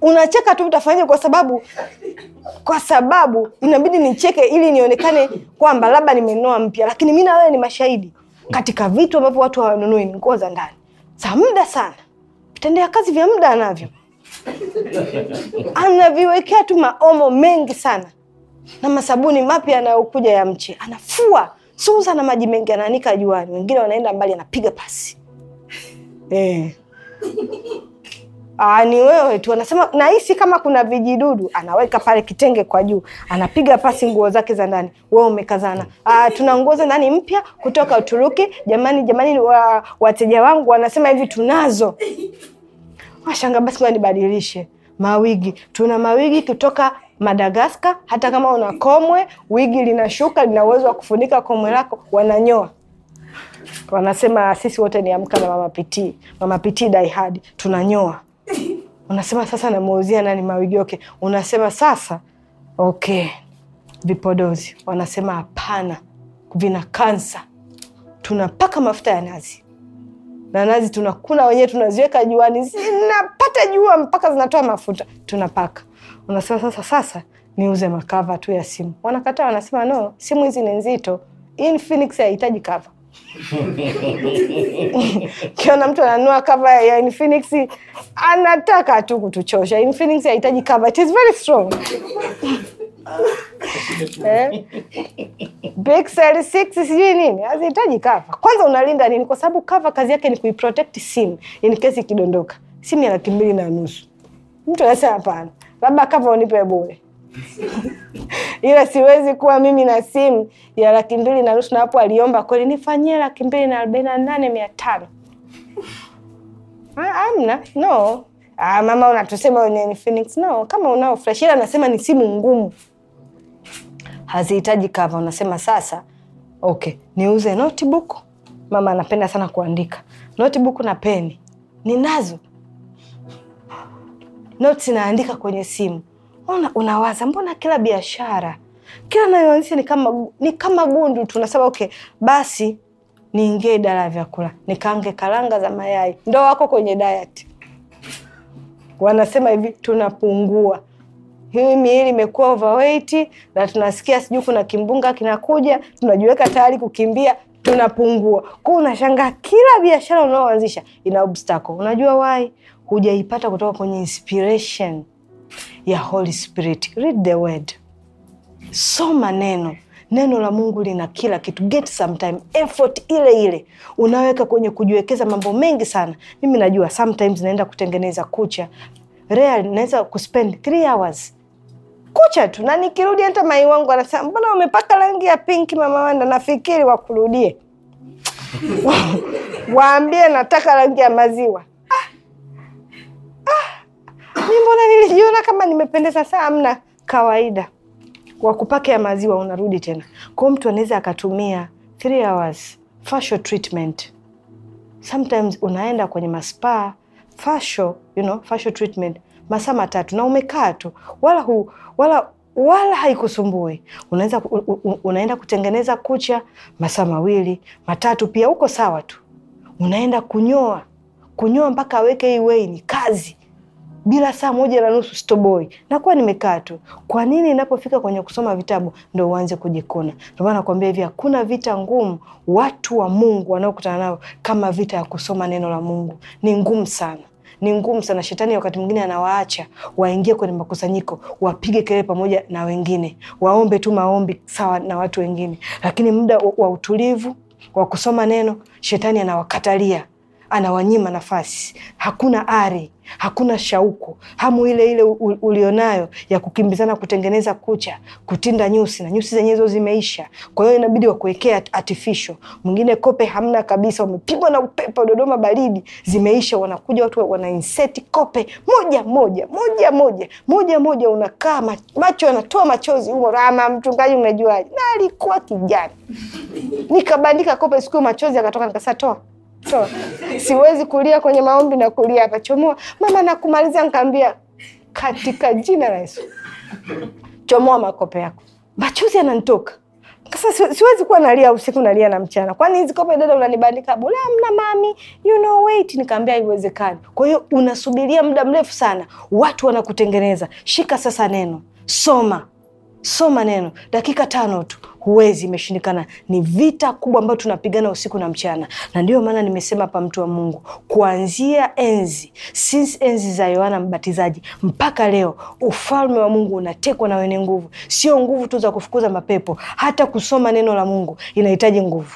unacheka tu utafanya kwa sababu kwa sababu inabidi nicheke ili nionekane kwamba labda nimenoa mpya lakini mi na wewe ni mashahidi katika vitu ambavyo watu hawanunui ni nguo za ndani za muda sana vitendea kazi vya muda anavyo, anaviwekea tu maomo mengi sana na masabuni mapya anayokuja ya mche, anafua suza na maji mengi, ananika juani, wengine wanaenda mbali, anapiga pasi eh. Aa, ah, ni wewe tu anasema, nahisi kama kuna vijidudu, anaweka pale kitenge kwa juu, anapiga pasi nguo zake za ndani. Wewe umekazana, ah, tuna nguo za ndani mpya kutoka Uturuki. Jamani, jamani, wa, wateja wangu wanasema hivi, tunazo Washanga basi nibadilishe mawigi. Tuna mawigi kutoka Madagaskar. Hata kama una komwe, wigi linashuka, lina uwezo wa kufunika komwe lako, wananyoa wanasema sisi wote ni amka na mama pitii, mama pitii die hard, tunanyoa. Unasema sasa namuuzia nani mawigi? Okay, unasema sasa okay, vipodozi. Wanasema hapana, vina kansa, tunapaka mafuta ya nazi na nazi tunakuna wenyewe, tunaziweka juani, zinapata jua mpaka zinatoa mafuta, tunapaka. Unasema sasa, sasa niuze makava tu ya simu. Wanakataa, wanasema no, simu hizi ni nzito. Infinix haihitaji kava. Kiona mtu ananua kava ya Infinix, anataka tu kutuchosha. Infinix haihitaji kava, it is very strong Big Cell 6 sijui nini, hazihitaji cover. Kwanza unalinda nini? Kwa sababu kava kazi yake ni kuiprotect simu in case ikidondoka. Simu ya laki mbili na nusu, mtu anasema hapana, labda kava unipe bure ila siwezi kuwa mimi na simu ya laki mbili na nusu. Na hapo aliomba kweli, nifanyie laki mbili na arobaini na nane mia tano ah, amna no. Ah, mama unatusema ni Phoenix no, kama unao fresh, ila anasema ni simu ngumu hazihitaji kava Unasema sasa, okay, niuze notebook. Mama anapenda sana kuandika. Notebook na peni ninazo, notes naandika kwenye simu. Una, unawaza mbona kila biashara kila nayoanzisha ni kama, ni kama gundu tu. Nasema okay, basi niingie idara ya vyakula nikaange karanga za mayai. Ndo wako kwenye diet, wanasema hivi tunapungua hii miili imekuwa overweight na tunasikia sijui kuna kimbunga kinakuja, tunajiweka tayari kukimbia, tunapungua. Kwa unashangaa kila biashara unaoanzisha ina obstacle. Unajua why? Hujaipata kutoka kwenye inspiration ya Holy Spirit. Read the word, soma neno Neno la Mungu lina kila kitu. Get sometime effort ile ile unaweka kwenye kujiwekeza mambo mengi sana. Mimi najua sometimes naenda kutengeneza kucha, rare naweza kuspend 3 hours kucha tu, na nikirudi hata mai wangu anasema mbona umepaka rangi ya pinki mama Wanda, nafikiri wakurudie waambie nataka rangi ya maziwa. Ah, ah. mi mbona nilijiona kama nimependeza saa amna kawaida wa kupaka ya maziwa unarudi tena. Kwa mtu anaweza akatumia 3 hours facial treatment. Sometimes unaenda kwenye maspa facial, you know, facial treatment masaa matatu na umekaa tu, wala hu, wala wala haikusumbui. Unaweza unaenda kutengeneza kucha masaa mawili matatu, pia uko sawa tu. Unaenda kunyoa kunyoa mpaka aweke iwei, ni kazi bila saa moja na nusu stoboi, nakuwa nimekaa tu. Kwa nini inapofika kwenye kusoma vitabu ndo uanze kujikuna? Ndio maana nakwambia hivi, hakuna vita ngumu watu wa Mungu wanaokutana nao kama vita ya kusoma neno la Mungu. Ni ngumu sana ni ngumu sana. Shetani wakati mwingine anawaacha waingie kwenye makusanyiko, wapige kelele pamoja na wengine, waombe tu maombi sawa na watu wengine, lakini muda wa utulivu wa kusoma neno, shetani anawakatalia, anawanyima nafasi. Hakuna ari, hakuna shauku, hamu ile ile ulionayo ya kukimbizana, kutengeneza kucha, kutinda nyusi, na nyusi zenyewe hizo zimeisha. Kwa hiyo inabidi wakuwekea artificial. Mwingine kope hamna kabisa, wamepigwa na upepo, Dodoma baridi, zimeisha. Wanakuja watu wana insert kope moja moja moja moja moja moja, unakaa macho yanatoa machozi. Umo rama mchungaji, umejuaje? Na alikuwa kijani, nikabandika kope siku, machozi akatoka, nikasatoa toa siwezi kulia kwenye maombi na kulia hapa. Chomoa mama, nakumalizia. Nikaambia katika jina la Yesu, chomoa makope yako. Machozi yananitoka sasa, siwezi kuwa nalia usiku nalia na mchana, kwani hizi kope dada unanibandika bure, amna mami, you know wait. Nikaambia haiwezekani. Kwa hiyo unasubiria muda mrefu sana, watu wanakutengeneza. Shika sasa neno, soma soma neno dakika tano tu huwezi, imeshindikana. Ni vita kubwa ambayo tunapigana usiku na mchana, na ndiyo maana nimesema hapa, mtu wa Mungu, kuanzia enzi since enzi za Yohana Mbatizaji mpaka leo, ufalme wa Mungu unatekwa na wenye nguvu. Sio nguvu tu za kufukuza mapepo, hata kusoma neno la Mungu inahitaji nguvu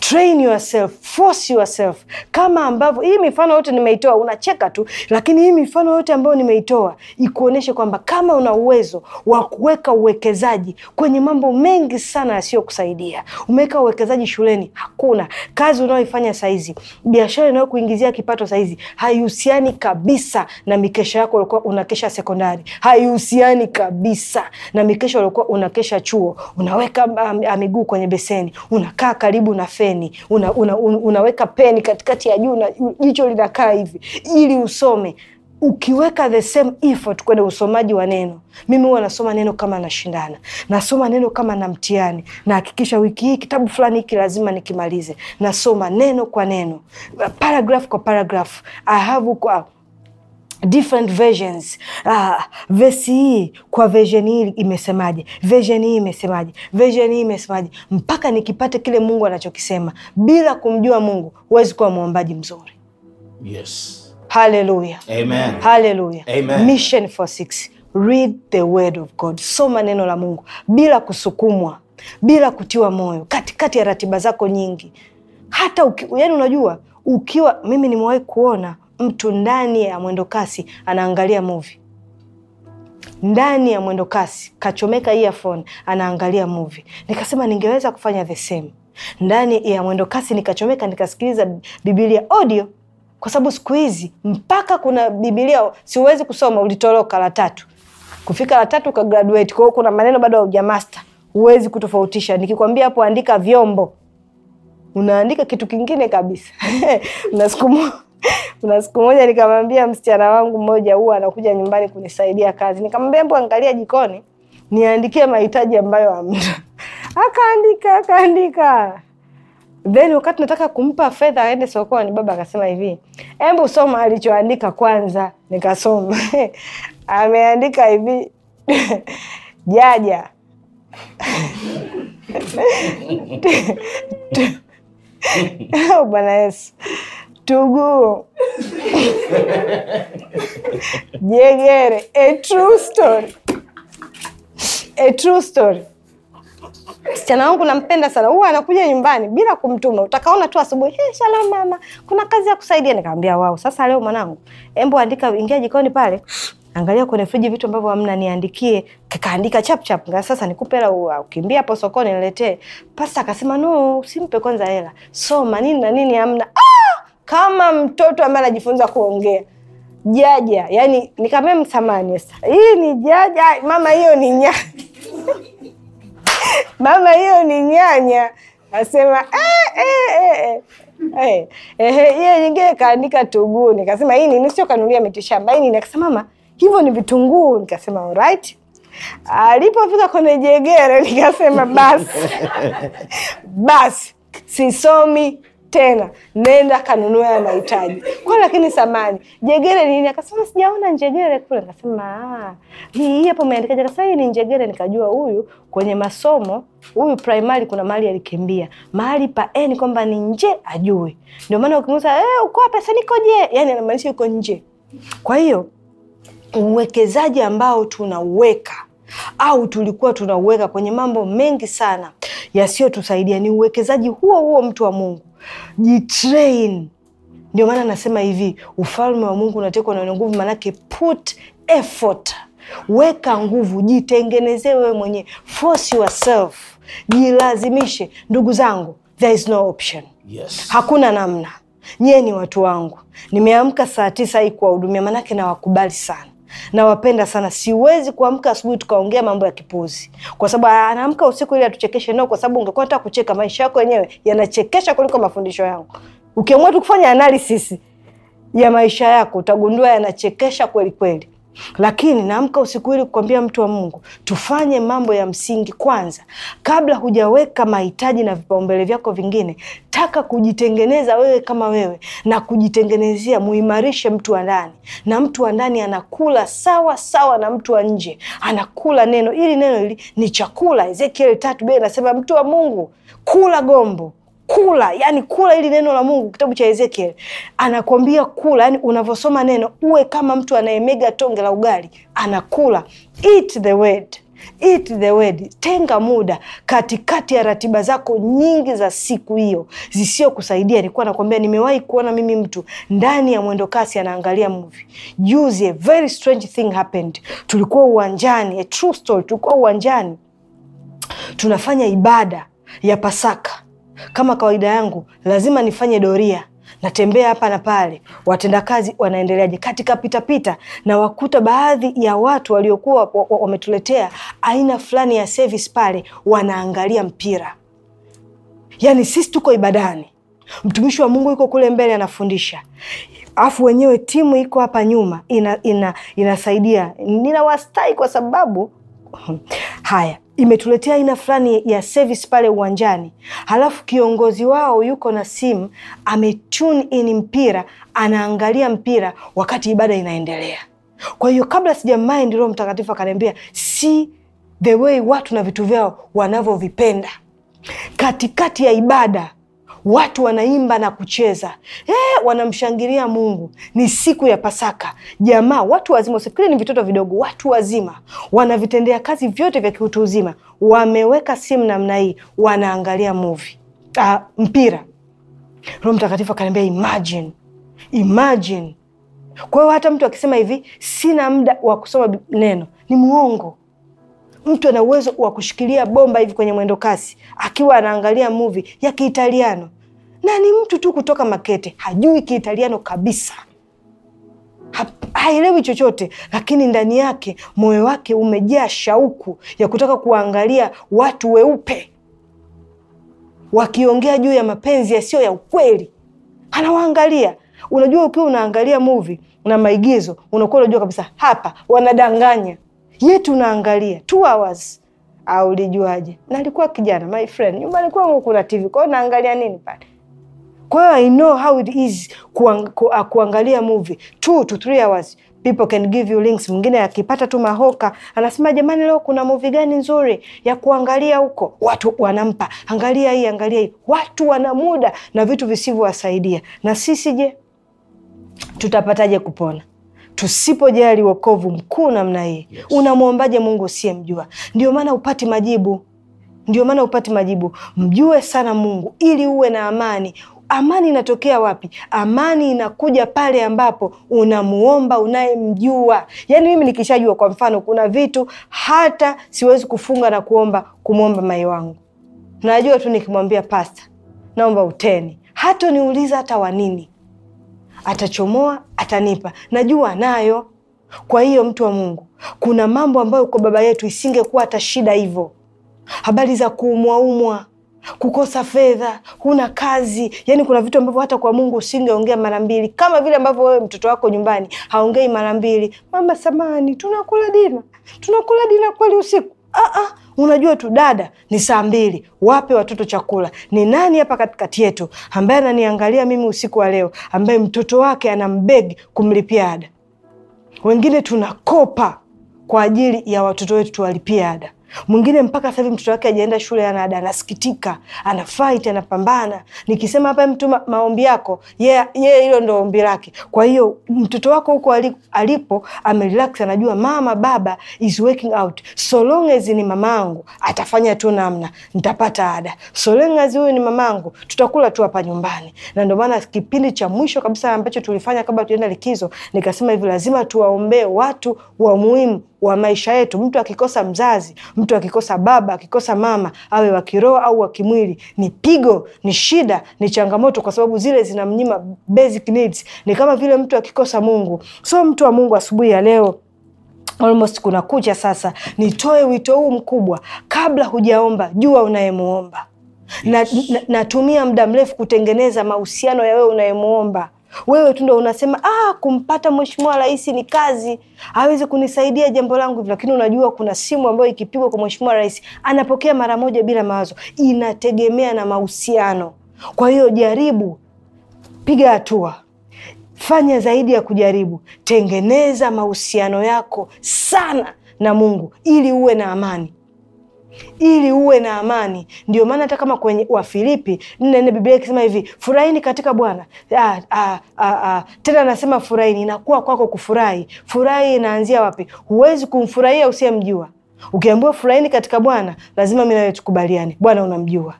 train yourself, force yourself, kama ambavyo hii mifano yote nimeitoa. Unacheka tu, lakini hii mifano yote ambayo nimeitoa ikuonyeshe kwamba kama una uwezo wa kuweka uwekezaji kwenye mambo mengi sana yasiyokusaidia, umeweka uwekezaji shuleni, hakuna kazi unayoifanya saizi, biashara inayokuingizia kipato saizi haihusiani kabisa na mikesha yako uliokuwa unakesha sekondari, haihusiani kabisa na mikesha uliokuwa unakesha chuo. Unaweka um, um, miguu kwenye beseni, unakaa karibu na feri peni una, una, una, unaweka peni katikati ya juu na jicho linakaa hivi ili usome ukiweka the same effort kwenye usomaji wa neno. Mimi huwa nasoma neno kama nashindana, nasoma neno kama na mtihani, nahakikisha wiki hii kitabu fulani hiki lazima nikimalize. Nasoma neno kwa neno, paragraph kwa paragraph. I have kwa different versions ah, vesi hii kwa version hii imesemaje, version hii imesemaje, version hii imesemaje, mpaka nikipate kile Mungu anachokisema. Bila kumjua Mungu huwezi kuwa mwombaji mzuri. Yes. Haleluya, amen. Haleluya, amen. Mission six, read the word of God, soma neno la Mungu bila kusukumwa, bila kutiwa moyo, katikati ya ratiba zako nyingi. Hata yani, unajua ukiwa, mimi nimewahi kuona mtu ndani ya mwendokasi anaangalia movie ndani ya mwendo kasi kachomeka earphone anaangalia movie. Nikasema ningeweza kufanya the same ndani ya mwendo kasi, nikachomeka nikasikiliza Biblia audio, kwa sababu siku hizi mpaka kuna Biblia siwezi kusoma, ulitoroka la tatu kufika la tatu ka graduate. Kwa hiyo kuna maneno bado haujamaster, huwezi kutofautisha. Nikikwambia hapo andika vyombo, unaandika kitu kingine kabisa na siku moja kuna siku moja nikamwambia msichana wangu mmoja, huwa anakuja nyumbani kunisaidia kazi, nikamwambia mbona angalia jikoni niandikie mahitaji ambayo amna. Akaandika, akaandika. Then wakati nataka kumpa fedha aende sokoni, baba akasema hivi, hebu soma alichoandika kwanza. Nikasoma ameandika hivi jaja oh, Bwana Yesu Tugu. Jegere, a true story. A true story. Msichana wangu nampenda sana, huwa anakuja nyumbani bila kumtuma, utakaona tu asubuhi, hey, shalom mama, kuna kazi ya kusaidia. Nikamwambia wao, sasa leo mwanangu, embo andika, ingia jikoni pale, angalia kwenye friji vitu ambavyo hamna, niandikie. Kakaandika chap chap, nga sasa nikupe hela, ukimbia hapo sokoni niletee. Pasta akasema no, simpe kwanza hela, soma nini na nini, hamna ah! kama mtoto ambaye anajifunza kuongea jaja, yani nikamwambia msamani, sasa hii ni jaja mama, hiyo ni nyanya mama, hiyo ni nyanya. Asema eh, eh, eh, eh, eh, nyingine kaandika tuguu. Nikasema hii nini, sio kanulia mitishamba hii nini? Akasema mama, hivyo ni vitunguu. Nikasema alright. Alipofika kwenye jegere, nikasema basi basi, sisomi tena nenda kanunue ya mahitaji kwa lakini samani jegere nini? Akasema sijaona njegere kule. Nikasema ah, hii hapo umeandika. Akasema hii ni njegere. Nikajua huyu kwenye masomo huyu primary kuna mahali alikimbia mahali pa e, ni kwamba ni nje ajue. Ndio maana ukimuuliza eh, uko hapa sasa, niko je, yani anamaanisha yuko nje. Kwa hiyo uwekezaji ambao tunauweka au tulikuwa tunauweka kwenye mambo mengi sana yasiyotusaidia ni uwekezaji huo huo mtu wa Mungu jitrain. Ndio maana nasema hivi, ufalme wa Mungu unatekwa na wenye nguvu, maanake put effort Weka nguvu, jitengenezee wewe mwenyewe, force yourself, jilazimishe. Ndugu zangu, there is no option. Yes. Hakuna namna. Nyie ni watu wangu, nimeamka saa tisa hii kuwahudumia, manake nawakubali sana nawapenda sana. Siwezi kuamka asubuhi tukaongea mambo ya kipuzi, kwa sababu ah, anaamka usiku ili atuchekeshe nao, kwa sababu ungekuwa nataka kucheka. Maisha yako yenyewe yanachekesha kuliko mafundisho yangu. Ukiamua tu kufanya analysis ya maisha yako utagundua yanachekesha kweli kweli. Lakini naamka usiku hili kukwambia mtu wa Mungu, tufanye mambo ya msingi kwanza. Kabla hujaweka mahitaji na vipaumbele vyako vingine, taka kujitengeneza wewe kama wewe na kujitengenezea, muimarishe mtu wa ndani, na mtu wa ndani anakula sawa sawa na mtu wa nje, anakula neno. Ili neno hili ni chakula. Ezekieli tatu be nasema, mtu wa Mungu, kula gombo kula, yani kula ili neno la Mungu, kitabu cha Ezekiel anakwambia kula, yani unavyosoma neno uwe kama mtu anayemega tonge la ugali anakula. Eat the word. Eat the word. Tenga muda katikati ya ratiba zako nyingi za siku hiyo zisiokusaidia Nilikuwa nakwambia, nimewahi kuona mimi mtu ndani ya mwendo kasi anaangalia movie. Juzi a very strange thing happened. Tulikuwa uwanjani, a true story. Tulikuwa uwanjani tunafanya ibada ya Pasaka kama kawaida yangu, lazima nifanye doria, natembea hapa na pale, watendakazi wanaendeleaje. Katika pitapita na wakuta baadhi ya watu waliokuwa wametuletea aina fulani ya service pale, wanaangalia mpira. yani sisi tuko ibadani, mtumishi wa Mungu yuko kule mbele anafundisha afu wenyewe timu iko hapa nyuma ina, ina, inasaidia. Ninawastai kwa sababu haya imetuletea aina fulani ya service pale uwanjani, halafu kiongozi wao yuko na simu ametune in mpira, anaangalia mpira wakati ibada inaendelea. Kwa hiyo kabla sijamind, Roho Mtakatifu akaniambia si the way watu na vitu vyao wanavyovipenda katikati ya ibada watu wanaimba na kucheza eh, wanamshangilia Mungu. Ni siku ya Pasaka, jamaa, watu wazima, usifikiri ni vitoto vidogo, watu wazima wanavitendea kazi vyote vya kiutu uzima, wameweka simu namna hii, wanaangalia movie, ah, mpira. Roho Mtakatifu akaniambia imagine, imagine. Kwa hiyo hata mtu akisema hivi sina muda wa kusoma neno ni mwongo mtu ana uwezo wa kushikilia bomba hivi kwenye mwendo kasi akiwa anaangalia muvi ya Kiitaliano, na ni mtu tu kutoka Makete, hajui Kiitaliano kabisa, haelewi chochote, lakini ndani yake moyo wake umejaa shauku ya kutaka kuwaangalia watu weupe wakiongea juu ya mapenzi yasiyo ya ukweli, anawaangalia. Unajua, ukiwa unaangalia muvi na maigizo unakuwa unajua kabisa hapa wanadanganya ye tunaangalia two hours au lijuaje? Nalikuwa kijana my friend, nyumbani kwangu kuna TV, kwa hiyo naangalia nini pale? Kwa hiyo I know how it is kuang, ku, ah, kuangalia movie two to three hours people can give you links. Mwingine akipata tu mahoka anasema jamani, leo kuna movie gani nzuri ya kuangalia huko? Watu wanampa, angalia hii, angalia hii. Watu wana muda na vitu visivyowasaidia. Na sisi je, tutapataje kupona? Tusipojali wokovu mkuu namna hii yes. Unamwombaje Mungu usiyemjua? Ndio maana upati majibu, ndio maana upati majibu. Mjue sana Mungu ili uwe na amani. Amani inatokea wapi? Amani inakuja pale ambapo unamuomba unayemjua. Yaani mimi nikishajua, kwa mfano, kuna vitu hata siwezi kufunga na kuomba kumwomba mai wangu, najua tu nikimwambia pasta, naomba uteni, hata niuliza hata wanini atachomoa, atanipa, najua nayo. Kwa hiyo mtu wa Mungu, kuna mambo ambayo kwa baba yetu isingekuwa hata shida hivyo, habari za kuumwaumwa kukosa fedha, huna kazi, yani kuna vitu ambavyo hata kwa Mungu usingeongea mara mbili, kama vile ambavyo wewe mtoto wako nyumbani haongei mara mbili, mama samani, tunakula dina, tunakula dina kweli usiku. Ah, ah, unajua tu dada, ni saa mbili, wape watoto chakula. Ni nani hapa katikati yetu ambaye ananiangalia mimi usiku wa leo, ambaye mtoto wake ana mbegi kumlipia ada? Wengine tunakopa kwa ajili ya watoto wetu tuwalipie ada. Mwingine mpaka sasa hivi mtoto wake ajaenda shule, anada anasikitika, ana fight, anapambana. Nikisema hapa mtu maombi yako yeye, yeah, yeah, ndo ombi lake. Kwa hiyo mtoto wako huko alipo amerelax, anajua mama baba is working out, so long as ni mamangu atafanya tu namna ntapata ada, so long as huyu ni mamangu tutakula tu hapa nyumbani. Na ndio maana kipindi cha mwisho kabisa ambacho tulifanya kabla tuenda likizo, nikasema hivi lazima tuwaombee watu wa muhimu wa maisha yetu. Mtu akikosa mzazi, mtu akikosa baba, akikosa mama, awe wa kiroho au wa kimwili, ni pigo, ni shida, ni changamoto, kwa sababu zile zinamnyima basic needs. Ni kama vile mtu akikosa Mungu. So mtu wa Mungu, asubuhi ya leo almost kuna kucha sasa, nitoe wito huu mkubwa, kabla hujaomba jua unayemuomba. Natumia na, na muda mrefu kutengeneza mahusiano ya wewe unayemuomba wewe tu ndo unasema ah, kumpata mheshimiwa rais ni kazi, aweze kunisaidia jambo langu, lakini unajua kuna simu ambayo ikipigwa kwa mheshimiwa rais anapokea mara moja bila mawazo. Inategemea na mahusiano. Kwa hiyo jaribu, piga hatua, fanya zaidi ya kujaribu, tengeneza mahusiano yako sana na Mungu ili uwe na amani ili uwe na amani. Ndio maana hata kama kwenye Wafilipi nne nne Biblia ikisema hivi, furahini katika Bwana. Ah, ah, ah, Tena anasema furahini, inakuwa kwako kufurahi. Furahi inaanzia wapi? Huwezi kumfurahia usiyemjua. Ukiambiwa furahini katika Bwana, lazima mi nawe tukubaliane, Bwana unamjua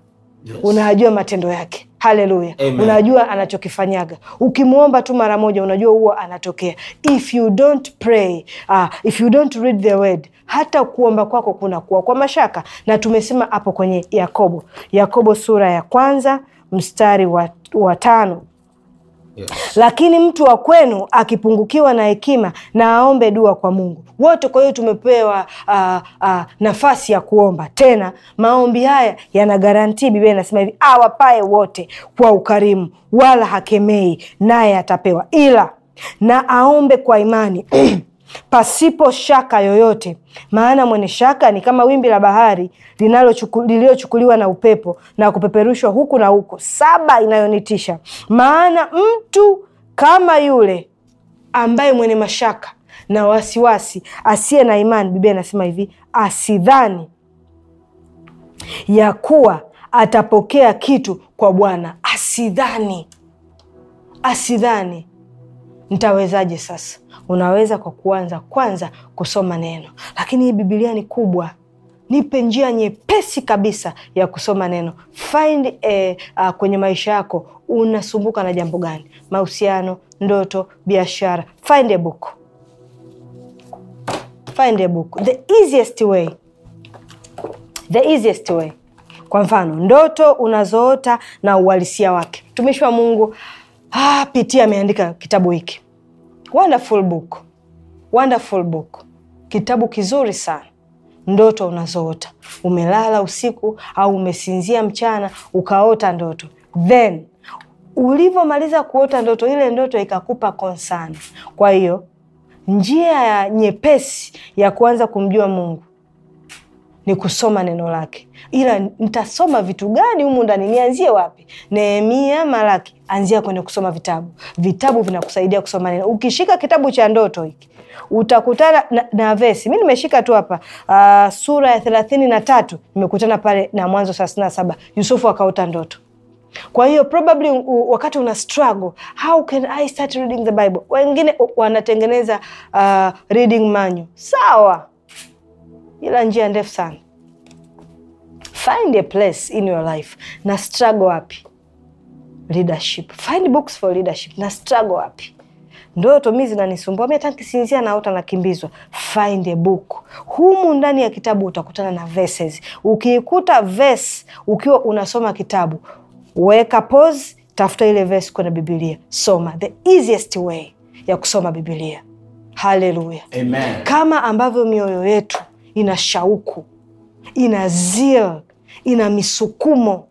yes. Unajua matendo yake haleluya unajua anachokifanyaga ukimwomba tu mara moja unajua huwa anatokea if you don't pray uh, if you don't read the word hata kuomba kwako kunakuwa kwa mashaka na tumesema hapo kwenye yakobo yakobo sura ya kwanza mstari wa, wa tano lakini mtu wa kwenu akipungukiwa na hekima na aombe dua kwa Mungu wote. Kwa hiyo tumepewa uh, uh, nafasi ya kuomba tena. Maombi haya yana garantii, bibia inasema hivi, awapaye wote kwa ukarimu, wala hakemei, naye atapewa, ila na aombe kwa imani pasipo shaka yoyote, maana mwenye shaka ni kama wimbi la bahari lililochukuliwa na upepo na kupeperushwa huku na huko. Saba, inayonitisha maana mtu kama yule ambaye mwenye mashaka na wasiwasi, asiye na imani, Biblia inasema hivi, asidhani ya kuwa atapokea kitu kwa Bwana. Asidhani, asidhani. ntawezaje sasa? unaweza kwa kuanza kwanza kusoma neno, lakini hii Biblia ni kubwa. Nipe njia nyepesi kabisa ya kusoma neno. Find a, eh, a, ah, kwenye maisha yako unasumbuka na jambo gani? Mahusiano, ndoto, biashara. Find a book. Find a book. The easiest way. The easiest way. Kwa mfano, ndoto unazoota na uhalisia wake. Mtumishi wa Mungu, ah, Pitia ameandika kitabu hiki Wonderful book. Wonderful book. Kitabu kizuri sana. Ndoto unazoota umelala usiku au umesinzia mchana ukaota ndoto, then ulivyomaliza kuota ndoto, ile ndoto ikakupa concern. Kwa hiyo njia ya nyepesi ya kuanza kumjua Mungu ni kusoma neno lake, ila nitasoma vitu gani humu ndani? Nianzie wapi? Nehemia, Malaki, anzia kwenye kusoma vitabu. Vitabu vinakusaidia kusoma neno. Ukishika kitabu cha ndoto hiki utakutana na, na vesi. Mi nimeshika tu hapa uh, sura ya thelathini na tatu nimekutana pale na Mwanzo thelathini na saba Yusufu akaota ndoto. Kwa hiyo probably u, wakati una struggle how can I start reading the Bible, wengine wanatengeneza uh, reading manual sawa ila njia ndefu sana. Find a place in your life na struggle wapi? Leadership. Find books for leadership na struggle wapi? Ndoto mi zinanisumbua mimi, hata nikisinzia naota nakimbizwa. Find a book. Humu ndani ya kitabu utakutana na verses. Ukiikuta verse ukiwa unasoma kitabu, weka pause, tafuta ile verse kwenye Biblia, soma. The easiest way ya kusoma Biblia. Haleluya, amen. Kama ambavyo mioyo yetu ina shauku, ina zeal, ina misukumo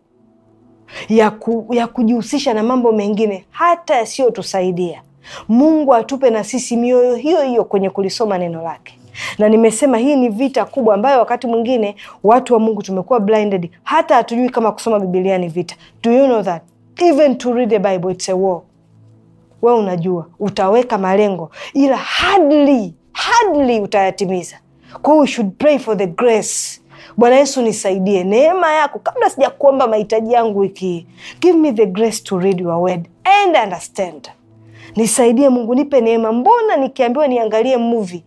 ya, ku, ya kujihusisha na mambo mengine hata yasiyotusaidia. Mungu atupe na sisi mioyo hiyo hiyo kwenye kulisoma neno lake. Na nimesema hii ni vita kubwa ambayo wakati mwingine watu wa Mungu tumekuwa blinded, hata hatujui kama kusoma Biblia ni vita. Do you know that even to read the Bible it's a war? We unajua utaweka malengo ila hardly, hardly utayatimiza. Kwa we should pray for the grace. Bwana Yesu, nisaidie neema yako kabla sijakuomba mahitaji yangu wiki hii. Give me the grace to read your word and understand. Nisaidie Mungu, nipe neema. Mbona nikiambiwa niangalie mvi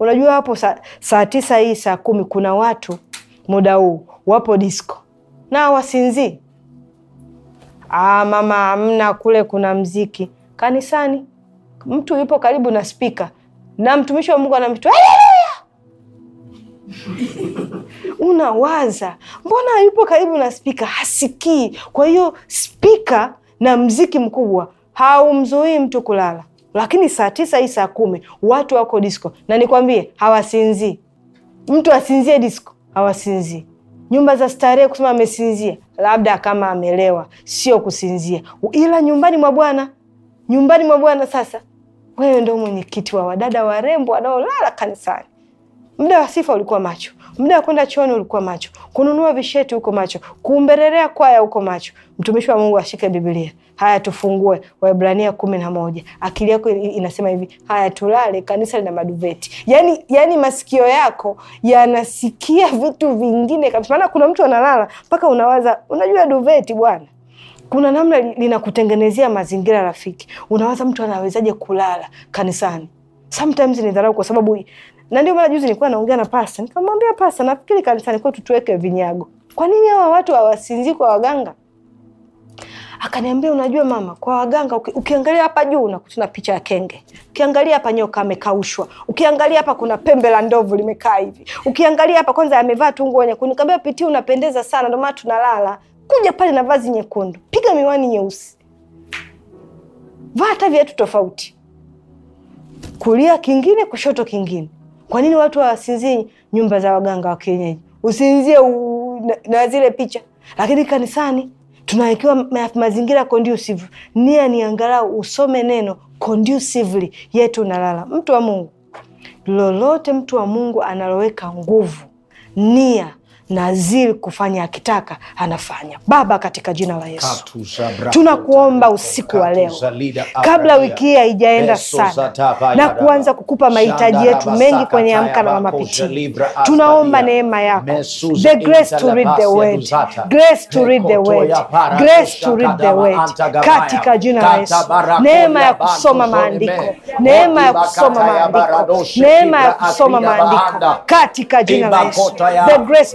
Unajua hapo sa, saa tisa hii saa kumi kuna watu muda huu wapo disco na wasinzi Ah, mama amna kule, kuna mziki kanisani, mtu yupo karibu na spika na mtumishi wa Mungu anamtu hey, hey, hey, unawaza mbona yupo karibu na spika hasikii? Kwa hiyo spika na mziki mkubwa haumzuii mtu kulala, lakini saa tisa hii saa kumi watu wako disko, na nikwambie hawasinzii. Mtu asinzie disko, hawasinzii. Nyumba za starehe kusema amesinzia, labda kama amelewa, sio kusinzia, ila nyumbani mwa bwana, nyumbani mwa bwana. Sasa wewe ndo mwenyekiti wa wadada warembo wanaolala kanisani Muda wa sifa ulikuwa macho, muda wa kwenda chooni ulikuwa macho, kununua visheti huko macho, kumbererea kwaya huko macho. Mtumishi wa Mungu ashike Biblia. Haya, tufungue Waebrania kumi na moja. Akili yako inasema hivi, haya tulale, kanisa lina maduveti. Yani, yani masikio yako yanasikia vitu vingine kabisa, maana kuna mtu analala mpaka unawaza, unajua duveti bwana kuna namna linakutengenezea mazingira rafiki. Unawaza mtu anawezaje kulala kanisani? Sometimes ni dharau, kwa sababu na ndio maana juzi nilikuwa naongea na pasta, nikamwambia pasta, nafikiri kanisani kwetu tuweke vinyago. Kwa nini hawa watu hawasinzii kwa waganga? Akaniambia, unajua mama, kwa waganga uki, ukiangalia hapa juu unakutana picha ya kenge, ukiangalia hapa nyoka amekaushwa, ukiangalia hapa kuna pembe la ndovu limekaa hivi, ukiangalia hapa kwanza amevaa tu nguo nyekundu. Nikamwambia, pitia unapendeza sana, ndio maana tunalala. Kuja pale na vazi nyekundu, piga miwani nyeusi, vaa hata viatu tofauti, kulia kingine, kushoto kingine kwa nini watu hawasinzii nyumba za waganga wa kienyeji? Usinzie na, na zile picha, lakini kanisani tunawekewa mazingira conducive. Nia ni angalau usome neno conducively, yetu unalala. Mtu wa Mungu, lolote mtu wa Mungu analoweka nguvu, nia na zili kufanya akitaka anafanya. Baba, katika jina la Yesu tunakuomba usiku wa leo, kabla wiki hii haijaenda sana na kuanza kukupa mahitaji yetu mengi kwenye Amka na Mama tunaomba neema yako, the grace to read the word, grace to read the word, grace to read the word, katika jina la Yesu, neema ya kusoma maandiko, neema ya kusoma maandiko, neema ya kusoma maandiko katika jina la Yesu, the grace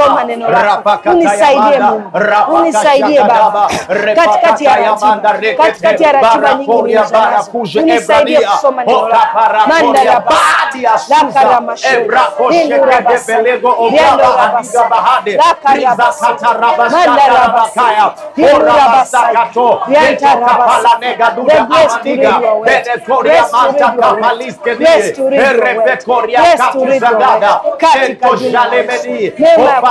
kusoma neno lako, unisaidie Mungu, unisaidie Baba, katikati ya ratiba, katikati ya ratiba nyingi nilizonazo, unisaidie kusoma neno lako manda ya Bless to read your word. Bless to read your word. Katika jina la Yesu na kusoma vitabu na vitabu ambavyo mtumishi wako Linda name of Jesus. Linda anointed books. Vitabu mtumishi wa Mungu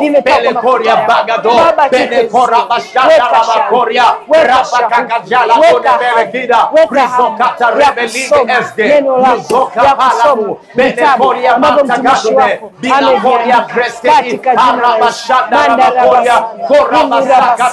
vimepakwa mafuta. Baba jipe weka shanga, weka shanga, weka hamu, weka hamu ya kusoma neno lako, ya kusoma vitabu ambavyo mtumishi wako amejaliwa katika jina la Yesu. Mandala basana Corabasha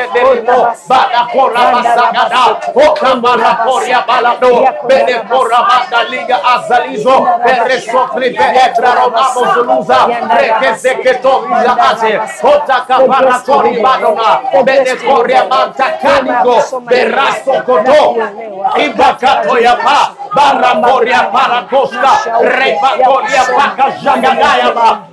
Shedemo, Badakora Sagada, Okamara Coria Balado, Benecora Bada Liga Azalizo, Peresofri Beebra Romamo Zuluza, Rekezeketo Vila Aze, Otakabara Cori Badona, Benecoria Manta Canigo, Berrasso Cotó, Ibacatoyapa, Barra Moria Paracosta, Rebacoria Paca Jagadayama,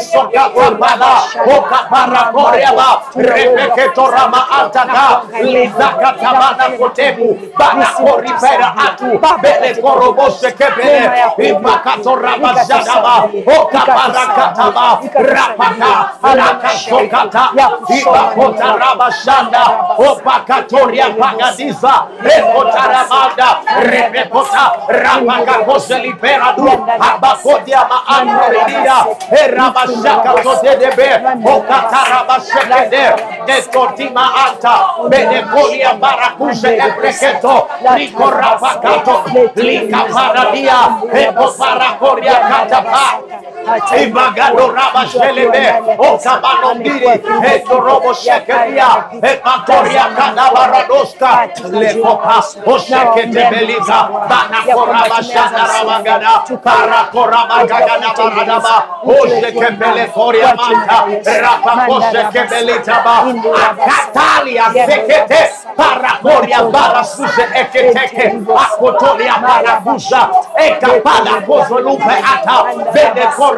Soka Formada, Oka koreba, Rebeke Torama Ataka, lizaka tabana Kotebu, Bana Koribera Atu, bele Korobo Sekebele, Ibakatorama Shadaba, Oka kataba, Rapaka, Alaka Sokata, shanda, Rabashanda, Opakatoria Pagadiza, Rekotaramanda, Rebekota, Rabaka Koseli Peradu, Abakodia Maandorida, Erabashanda. Shakato Okataraba Shekede, Neskotima Anta, Benekolia Barakushe Ebreketo, Nikorabakato, Lika Paradia, Eko Parakoria Katapa, Oh, Thank you. O Cabalondiri, Robo Ata,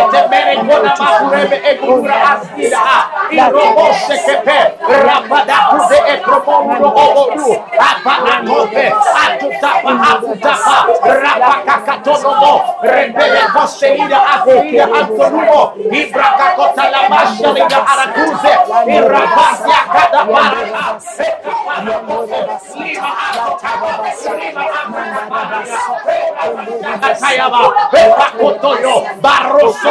Etemere kona makurebe ekura Barroso.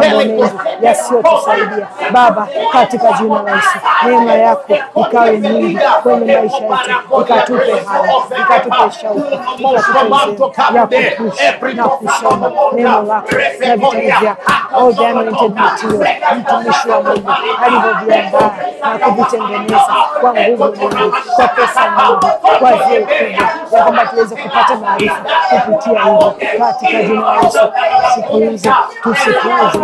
mambo mengi yasiyotusaidia. Baba, katika jina la Yesu, neema yako ikawe nyingi kwenye maisha yetu, ikatupe haya, ikatupe shauku, ya kuishi na kusoma neno lako na vitabu vyako. O oh, Damanted mtumishi wa Mungu, alivyoviandaa na kuvitengeneza kwa nguvu nyingi, kwa pesa nyingi, kwa vyeo kubwa, ya kwamba tuweze kupata maarifa kupitia hivyo, katika jina la Yesu siku hizo tusipuuze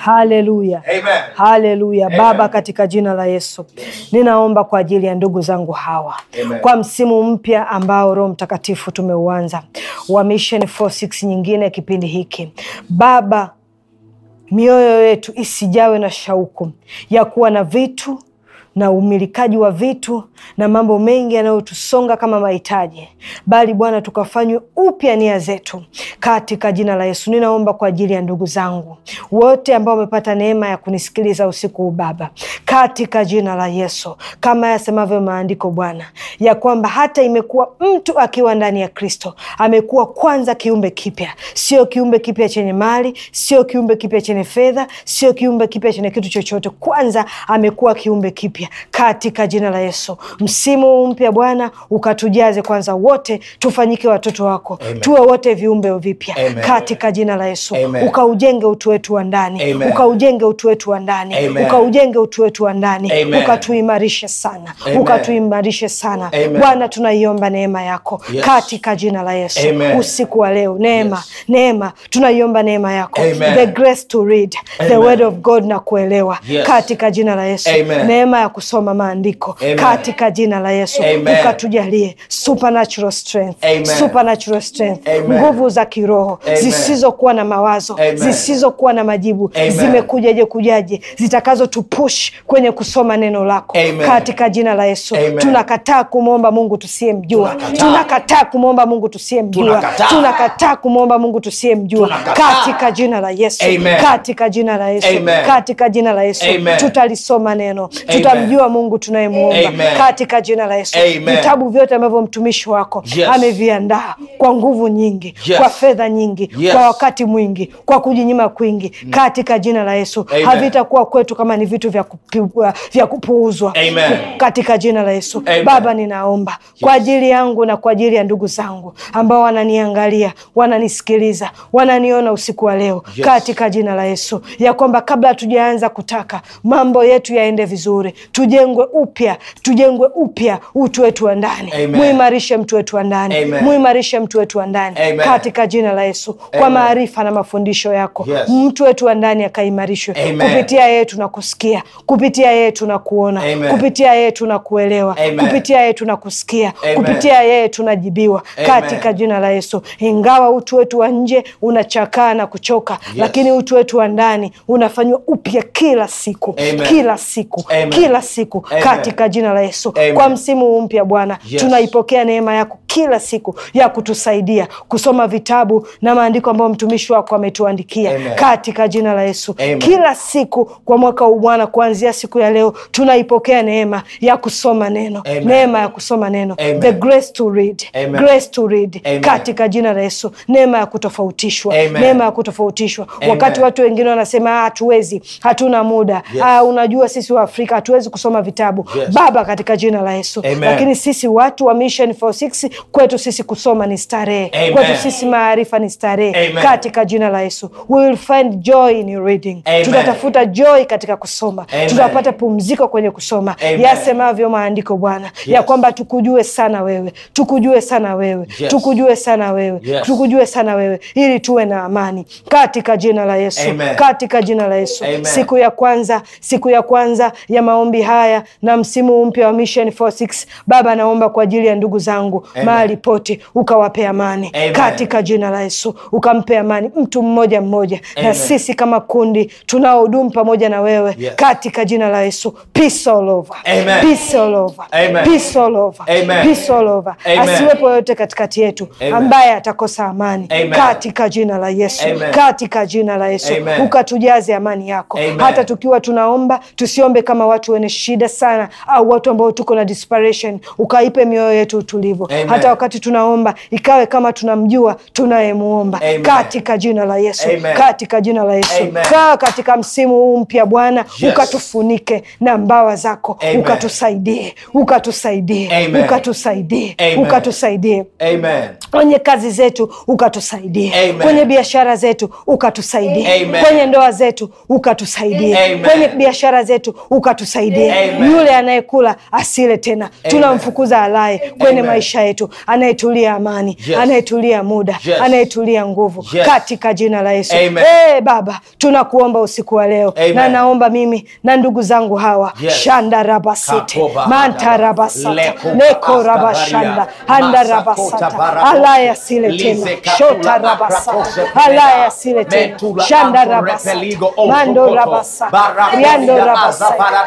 Haleluya, haleluya. Baba, katika jina la Yesu, yes. ninaomba kwa ajili ya ndugu zangu hawa Amen. kwa msimu mpya ambao Roho Mtakatifu tumeuanza wa Mission 46 nyingine kipindi hiki Baba, mioyo yetu isijawe na shauku ya kuwa na vitu na umilikaji wa vitu na mambo mengi yanayotusonga kama mahitaji, bali Bwana tukafanywe upya nia zetu katika jina la Yesu. Ninaomba kwa ajili ya ndugu zangu wote ambao wamepata neema ya kunisikiliza usiku huu Baba, katika jina la Yesu, kama yasemavyo maandiko Bwana, ya kwamba hata imekuwa mtu akiwa ndani ya Kristo amekuwa kwanza kiumbe kipya. Sio kiumbe kipya chenye mali, sio kiumbe kipya chenye fedha, sio kiumbe kipya chenye kitu chochote. Kwanza amekuwa kiumbe kipya katika jina la Yesu. Msimu mpya Bwana ukatujaze kwanza, wote tufanyike watoto wako, tuwe wote viumbe vipya katika jina la Yesu. Ukaujenge utu wetu wa ndani, ukaujenge utu wetu wa ndani, ukaujenge utu wetu wa ndani, ukatuimarishe sana, ukatuimarishe sana Bwana, tunaiomba neema yako yes. katika jina la Yesu Amen. Usiku wa leo neema yes. neema tunaiomba neema yako Amen. the grace to read Amen. the word of God na kuelewa yes. katika jina la Yesu neema kusoma maandiko katika jina la Yesu ukatujalie supernatural strength. Supernatural strength. nguvu za kiroho zisizokuwa na mawazo zisizokuwa na majibu zimekujaje kujaje zitakazotupush kwenye kusoma neno lako Amen. katika jina la Yesu Amen. tunakataa kumwomba Mungu tusiyemjua tunakataa kumwomba Mungu tusiyemjua tunakataa kumwomba Mungu tusiyemjua katika jina la Yesu Amen. katika jina la Yesu Amen. katika jina la Yesu tutalisoma neno Tuta kumjua Mungu tunayemwomba katika jina la Yesu. Vitabu vyote ambavyo mtumishi wako yes. ameviandaa kwa nguvu nyingi yes. kwa fedha nyingi yes. kwa wakati mwingi kwa kujinyima kwingi mm. katika jina la Yesu havitakuwa kwetu kama ni vitu vya, kupigwa, vya kupuuzwa katika jina la Yesu. Amen. Baba, ninaomba yes. kwa ajili yangu na kwa ajili ya ndugu zangu ambao wananiangalia, wananisikiliza, wananiona usiku wa leo yes. katika jina la Yesu ya kwamba kabla hatujaanza kutaka mambo yetu yaende vizuri, tujengwe upya, tujengwe upya utu wetu wa ndani, muimarishe mtu wetu wa ndani, muimarishe mtu wetu wa ndani katika jina la Yesu, kwa maarifa na mafundisho yako yes. Mtu wetu wa ndani akaimarishwe kupitia yeye tunakusikia, kupitia yeye tunakuona, kupitia yeye tunakuelewa, kupitia yeye tunakusikia, kupitia yeye tunajibiwa katika jina la Yesu. Ingawa utu wetu wa nje unachakaa na kuchoka yes. Lakini utu wetu wa ndani unafanywa upya kila siku, kila siku, kila kila siku Amen. katika jina la Yesu Amen. Kwa msimu huu mpya Bwana yes. Tunaipokea neema yako kila siku ya kutusaidia kusoma vitabu na maandiko ambayo mtumishi wako ametuandikia katika jina la Yesu Amen. Kila siku kwa mwaka huu Bwana, kuanzia siku ya leo tunaipokea neema ya kusoma neno Amen. Neema ya kusoma neno Amen. The grace to read. Amen. Grace to read. Amen. Katika jina la Yesu, neema ya kutofautishwa Amen. Neema ya kutofautishwa Amen. Wakati watu wengine wanasema ah, hatuwezi, hatuna muda yes. Ah, unajua sisi Afrika hatuwezi hatuwezi kusoma vitabu yes. Baba, katika jina la Yesu Amen. Lakini sisi watu wa Mission 46 kwetu sisi kusoma ni starehe, kwetu sisi maarifa ni starehe, katika jina la Yesu We will find joy in reading. Tutatafuta joy katika kusoma, tutapata pumziko kwenye kusoma yasemavyo maandiko Bwana yes. ya kwamba tukujue sana wewe, tukujue sana wewe yes. tukujue sana wewe yes. tukujue sana wewe ili tuwe na amani katika jina la Yesu Amen. katika jina la Yesu Amen. siku ya kwanza, siku ya kwanza ya maombi maombi haya na msimu mpya wa Mission 46. Baba, naomba kwa ajili ya ndugu zangu mahali pote, ukawape amani katika jina la Yesu, ukampe amani mtu mmoja mmoja, Amen. na sisi kama kundi tunaohudumu pamoja na wewe yes. katika jina la Yesu, peace all over, peace all over, peace all over, peace all over. Asiwepo yote katikati yetu Amen. ambaye atakosa amani Amen. katika jina la Yesu Amen. katika jina la Yesu ukatujaze amani yako Amen. hata tukiwa tunaomba tusiombe kama watu wenye shida sana, au watu ambao tuko na desperation, ukaipe mioyo yetu utulivu Amen. Hata wakati tunaomba ikawe kama tunamjua tunayemwomba, katika jina la Yesu Amen. Katika jina la Yesu Kaa katika msimu huu mpya Bwana yes. Ukatufunike na mbawa zako Amen. Ukatusaidie, ukatusaidie, ukatusaidie, ukatusaidie kwenye kazi zetu, ukatusaidie kwenye biashara zetu, ukatusaidie kwenye ndoa zetu, ukatusaidie kwenye biashara zetu, ukatusaidie Amen. Yule anayekula asile tena, tunamfukuza alaye kwenye maisha yetu, anayetulia amani, yes. anayetulia muda, yes. anayetulia nguvu, yes. katika jina la Yesu. Hey, ee Baba, tunakuomba usiku wa leo Amen. na naomba mimi na ndugu zangu hawa yes. shanda rabasite manta rabasata neko rabashanda handa rabasata alaye asile tena shota rabasata alaye asile tena shanda rabasata mando rabasata riando rabasata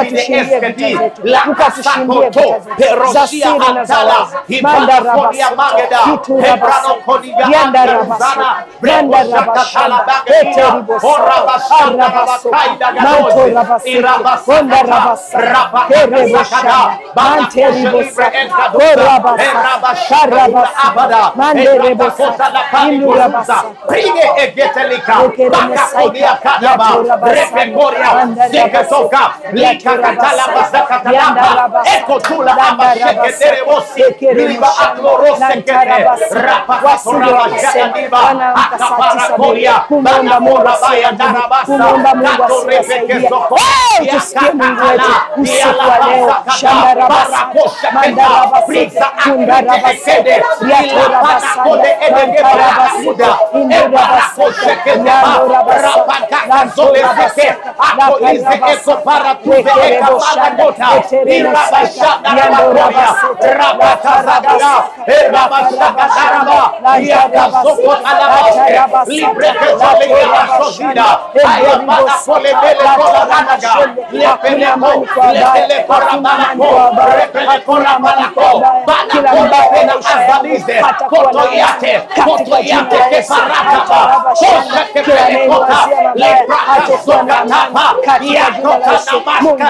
ukatushindia vita ukatushindia vita zasiri na zalaza mandarabasa yandarabasa eteribosa arabaso mantorabasa kondarabasa kerebosha manteribosa korabasa karabasa manderebosa indurabasa ekeremesaia yatorabasa Repecoria, Zekesoka, Lika, Kuomba Mungu asiwasaidie. Wewe tusikie Mungu wetu usiku wa leo. Shandarabasa, mandarabasa, kundarabasa, yatorabasa, kontarabasa, indarabasa, nyandorabasa, lantorabasa, lakarabasa, kila mbao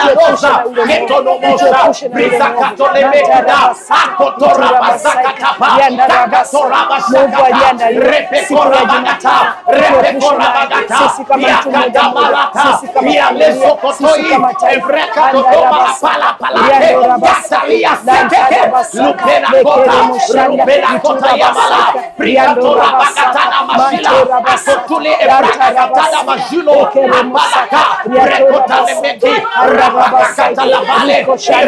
Ketosa, Ketonomosa, Rizakatolemekada, Akotora Basakatapa, Takatora Basakata, Repekora Bagata, Repekora Bagata, Yakata Malata, Yaleso Kotoi, Evreka Kotoma Pala Palate, Yasalia Seteke, Lupena Kota, Lupena Kota Yamala, Priatora Bagatana Mashila, Asotule Evreka Katana Mashulo, Amalaka, Rekota Lemeki, rabasa,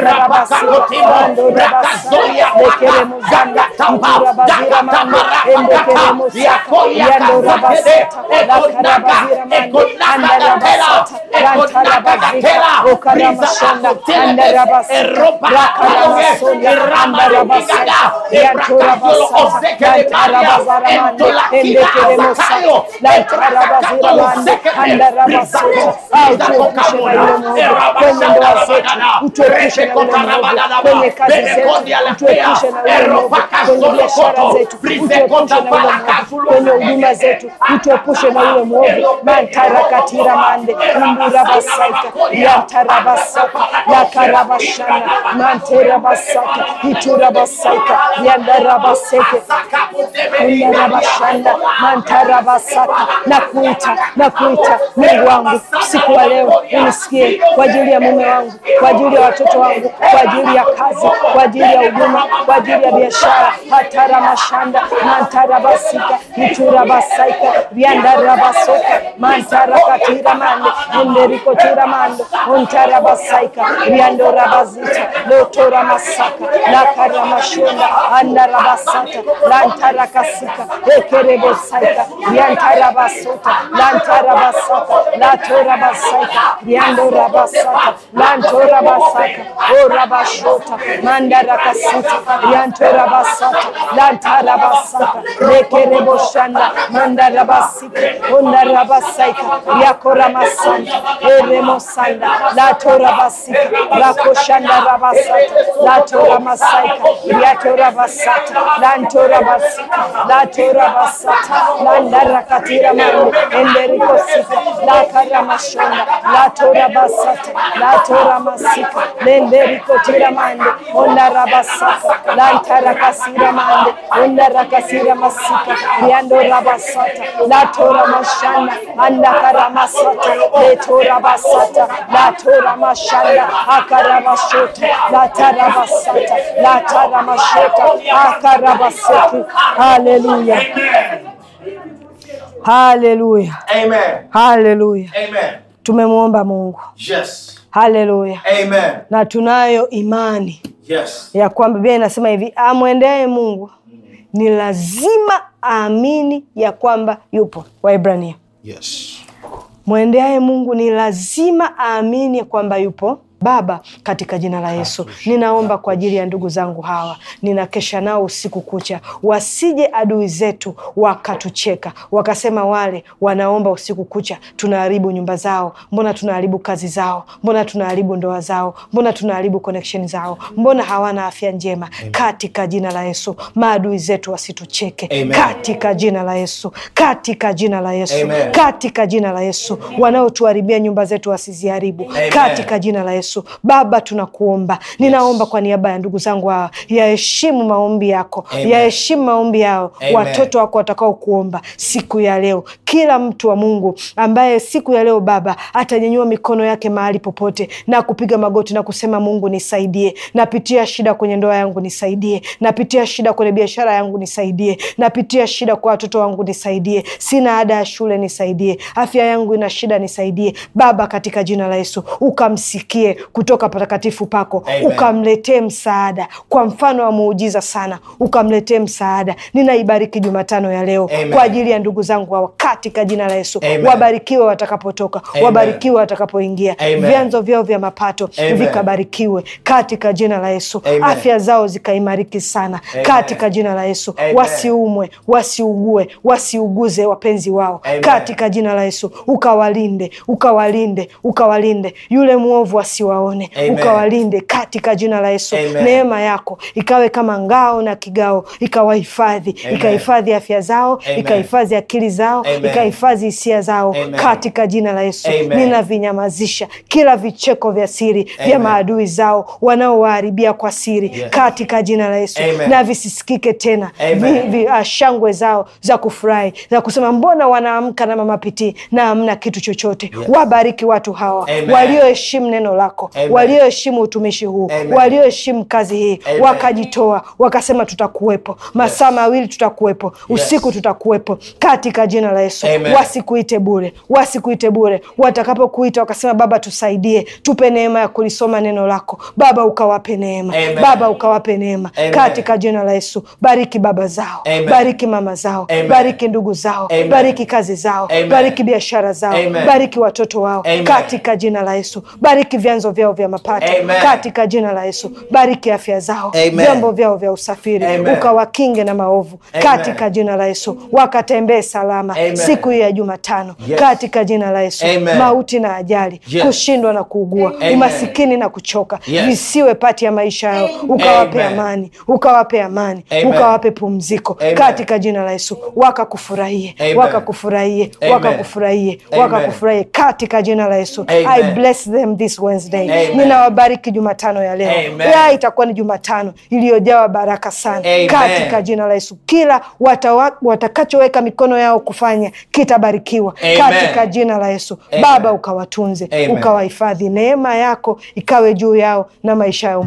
rabasito, kwenye ndoa zetu, utuepushe na ulemevu kwenye kazi zetu, huduma zetu, utuepushe na ule mwovu. mantarakatira mande umburabasaita yatarabasaka yakarabashana manterabasaka iturabasaika yandarabaseke undarabashanda mantarabasaka na kuita Mungu wangu siku wa leo unisikie kwa ajili ya mume wangu, kwa ajili ya watoto wangu, kwa ajili ya kazi, kwa ajili ya huduma, kwa ajili ya biashara. hatara mashanda mantara basika mitura basaika viandara basoka mantara katira mande enderiko tira mando ontara basaika viandora bazita lotora masaka lakara mashonda andara basata lantara kasika ekere bosaika viantara basota lantara basaka latora basaika viandora basaka Rabasaka, Lantora Basaka, O Rabashota, Mandara Kasuta, Yantora Basaka, Lantara Basaka, Lekere Boshanda, Mandara Basika, Onda Rabasaika, Yakora Masanda, Eremosanda, Latora Basika, Rakoshanda Rabasata, Latora Masaika, Yatora Basata, Lantora Basika, Latora Basata, Landara Katira Maru, Enderiko Sika, Lakara Mashonda, Latora Basata, latora masika lenderikotera mande ondarabasaka lantarakasira mande ondarakasira masika riandorabasata latora mashana andakaramasata letorabasata latora mashana akarabashota latarabasata lataramashota akarabasetu haleluya Hallelujah. Amen. tumemwomba mungu yes. Haleluya, amen. Na tunayo imani yes, ya kwamba Biblia inasema hivi, amwendee Mungu ni lazima aamini ya kwamba yupo. Waibrania yes, mwendeaye Mungu ni lazima aamini ya kwamba yupo Baba, katika jina la Yesu ninaomba kwa ajili ya ndugu zangu hawa, ninakesha nao usiku kucha, wasije adui zetu wakatucheka wakasema, wale wanaomba usiku kucha, tunaharibu nyumba zao, mbona tunaharibu kazi zao, mbona tunaharibu ndoa zao, mbona tunaharibu connection zao, mbona hawana afya njema? Amen. Katika jina la Yesu maadui zetu wasitucheke. Amen. Katika jina la Yesu, katika jina la Yesu, katika jina la Yesu, wanaotuharibia nyumba zetu wasiziharibu, katika jina la Yesu. Yesu. Baba, tunakuomba, ninaomba kwa niaba ya ndugu zangu hawa, yaheshimu maombi yako, yaheshimu maombi yao, watoto wako watakao kuomba siku ya leo. Kila mtu wa Mungu ambaye siku ya leo Baba atanyanyua mikono yake mahali popote na kupiga magoti na kusema, Mungu nisaidie, napitia shida kwenye ndoa yangu, nisaidie, napitia shida kwenye biashara yangu, nisaidie, napitia shida kwa watoto wangu, nisaidie, sina ada ya shule, nisaidie, afya yangu ina shida, nisaidie Baba, katika jina la Yesu ukamsikie, kutoka patakatifu pako ukamletee msaada kwa mfano wa muujiza sana, ukamletee msaada. Ninaibariki Jumatano ya leo Amen. kwa ajili ya ndugu zangu hawa katika jina la Yesu. Wabarikiwe watakapotoka, wabarikiwe watakapoingia, vyanzo vyao vya mapato Amen. vikabarikiwe katika jina la Yesu. Afya zao zikaimariki sana Amen. katika jina la Yesu. Wasiumwe, wasiugue, wasiuguze wapenzi wao Amen. katika jina la Yesu, ukawalinde, ukawalinde, ukawalinde yule mwovu asiwa waone, ukawalinde katika jina la Yesu. Neema yako ikawe kama ngao na kigao, ikawahifadhi, ikahifadhi afya zao, ikahifadhi akili zao, ikahifadhi hisia zao Amen. katika jina la Yesu ninavinyamazisha kila vicheko vya siri vya maadui zao wanaowaharibia kwa siri yes. katika jina la Yesu na visisikike tena vi, vi, ah, shangwe zao za kufurahi za kusema mbona wanaamka na mama na hamna kitu chochote yes. Wabariki watu hawa walioheshimu neno lako wako, walioheshimu utumishi huu, walioheshimu kazi hii, wakajitoa wakasema, tutakuwepo masaa yes. mawili, tutakuwepo usiku yes. tutakuwepo katika jina la Yesu. Wasikuite bure, wasikuite bure. Watakapokuita wakasema, Baba tusaidie, tupe neema ya kulisoma neno lako Baba, ukawape neema Baba, ukawape neema katika jina la Yesu. Bariki baba zao Amen. bariki mama zao Amen. bariki ndugu zao Amen. bariki kazi zao Amen. bariki biashara zao Amen. bariki watoto wao Amen. katika jina la Yesu, bariki vyanzo vyanzo vyao vya mapato katika jina la Yesu. Bariki afya zao, vyombo vyao vya usafiri, ukawakinge na maovu katika jina la Yesu. Wakatembee salama Amen. siku hii ya Jumatano yes. katika jina la Yesu. Mauti na ajali yes. kushindwa na kuugua, umasikini na kuchoka yes. visiwe pati ya maisha yao, ukawape amani, ukawape amani, ukawape pumziko katika jina la Yesu. Wakakufurahie, wakakufurahie, wakakufurahie, wakakufurahie katika jina la Yesu. I bless them this Wednesday. Wednesday. Ninawabariki Jumatano ya leo ya itakuwa ni Jumatano iliyojawa baraka sana Amen. Katika jina la Yesu, kila watakachoweka mikono yao kufanya kitabarikiwa Amen. Katika jina la Yesu Amen. Baba ukawatunze, ukawahifadhi, neema yako ikawe juu yao na maisha yao.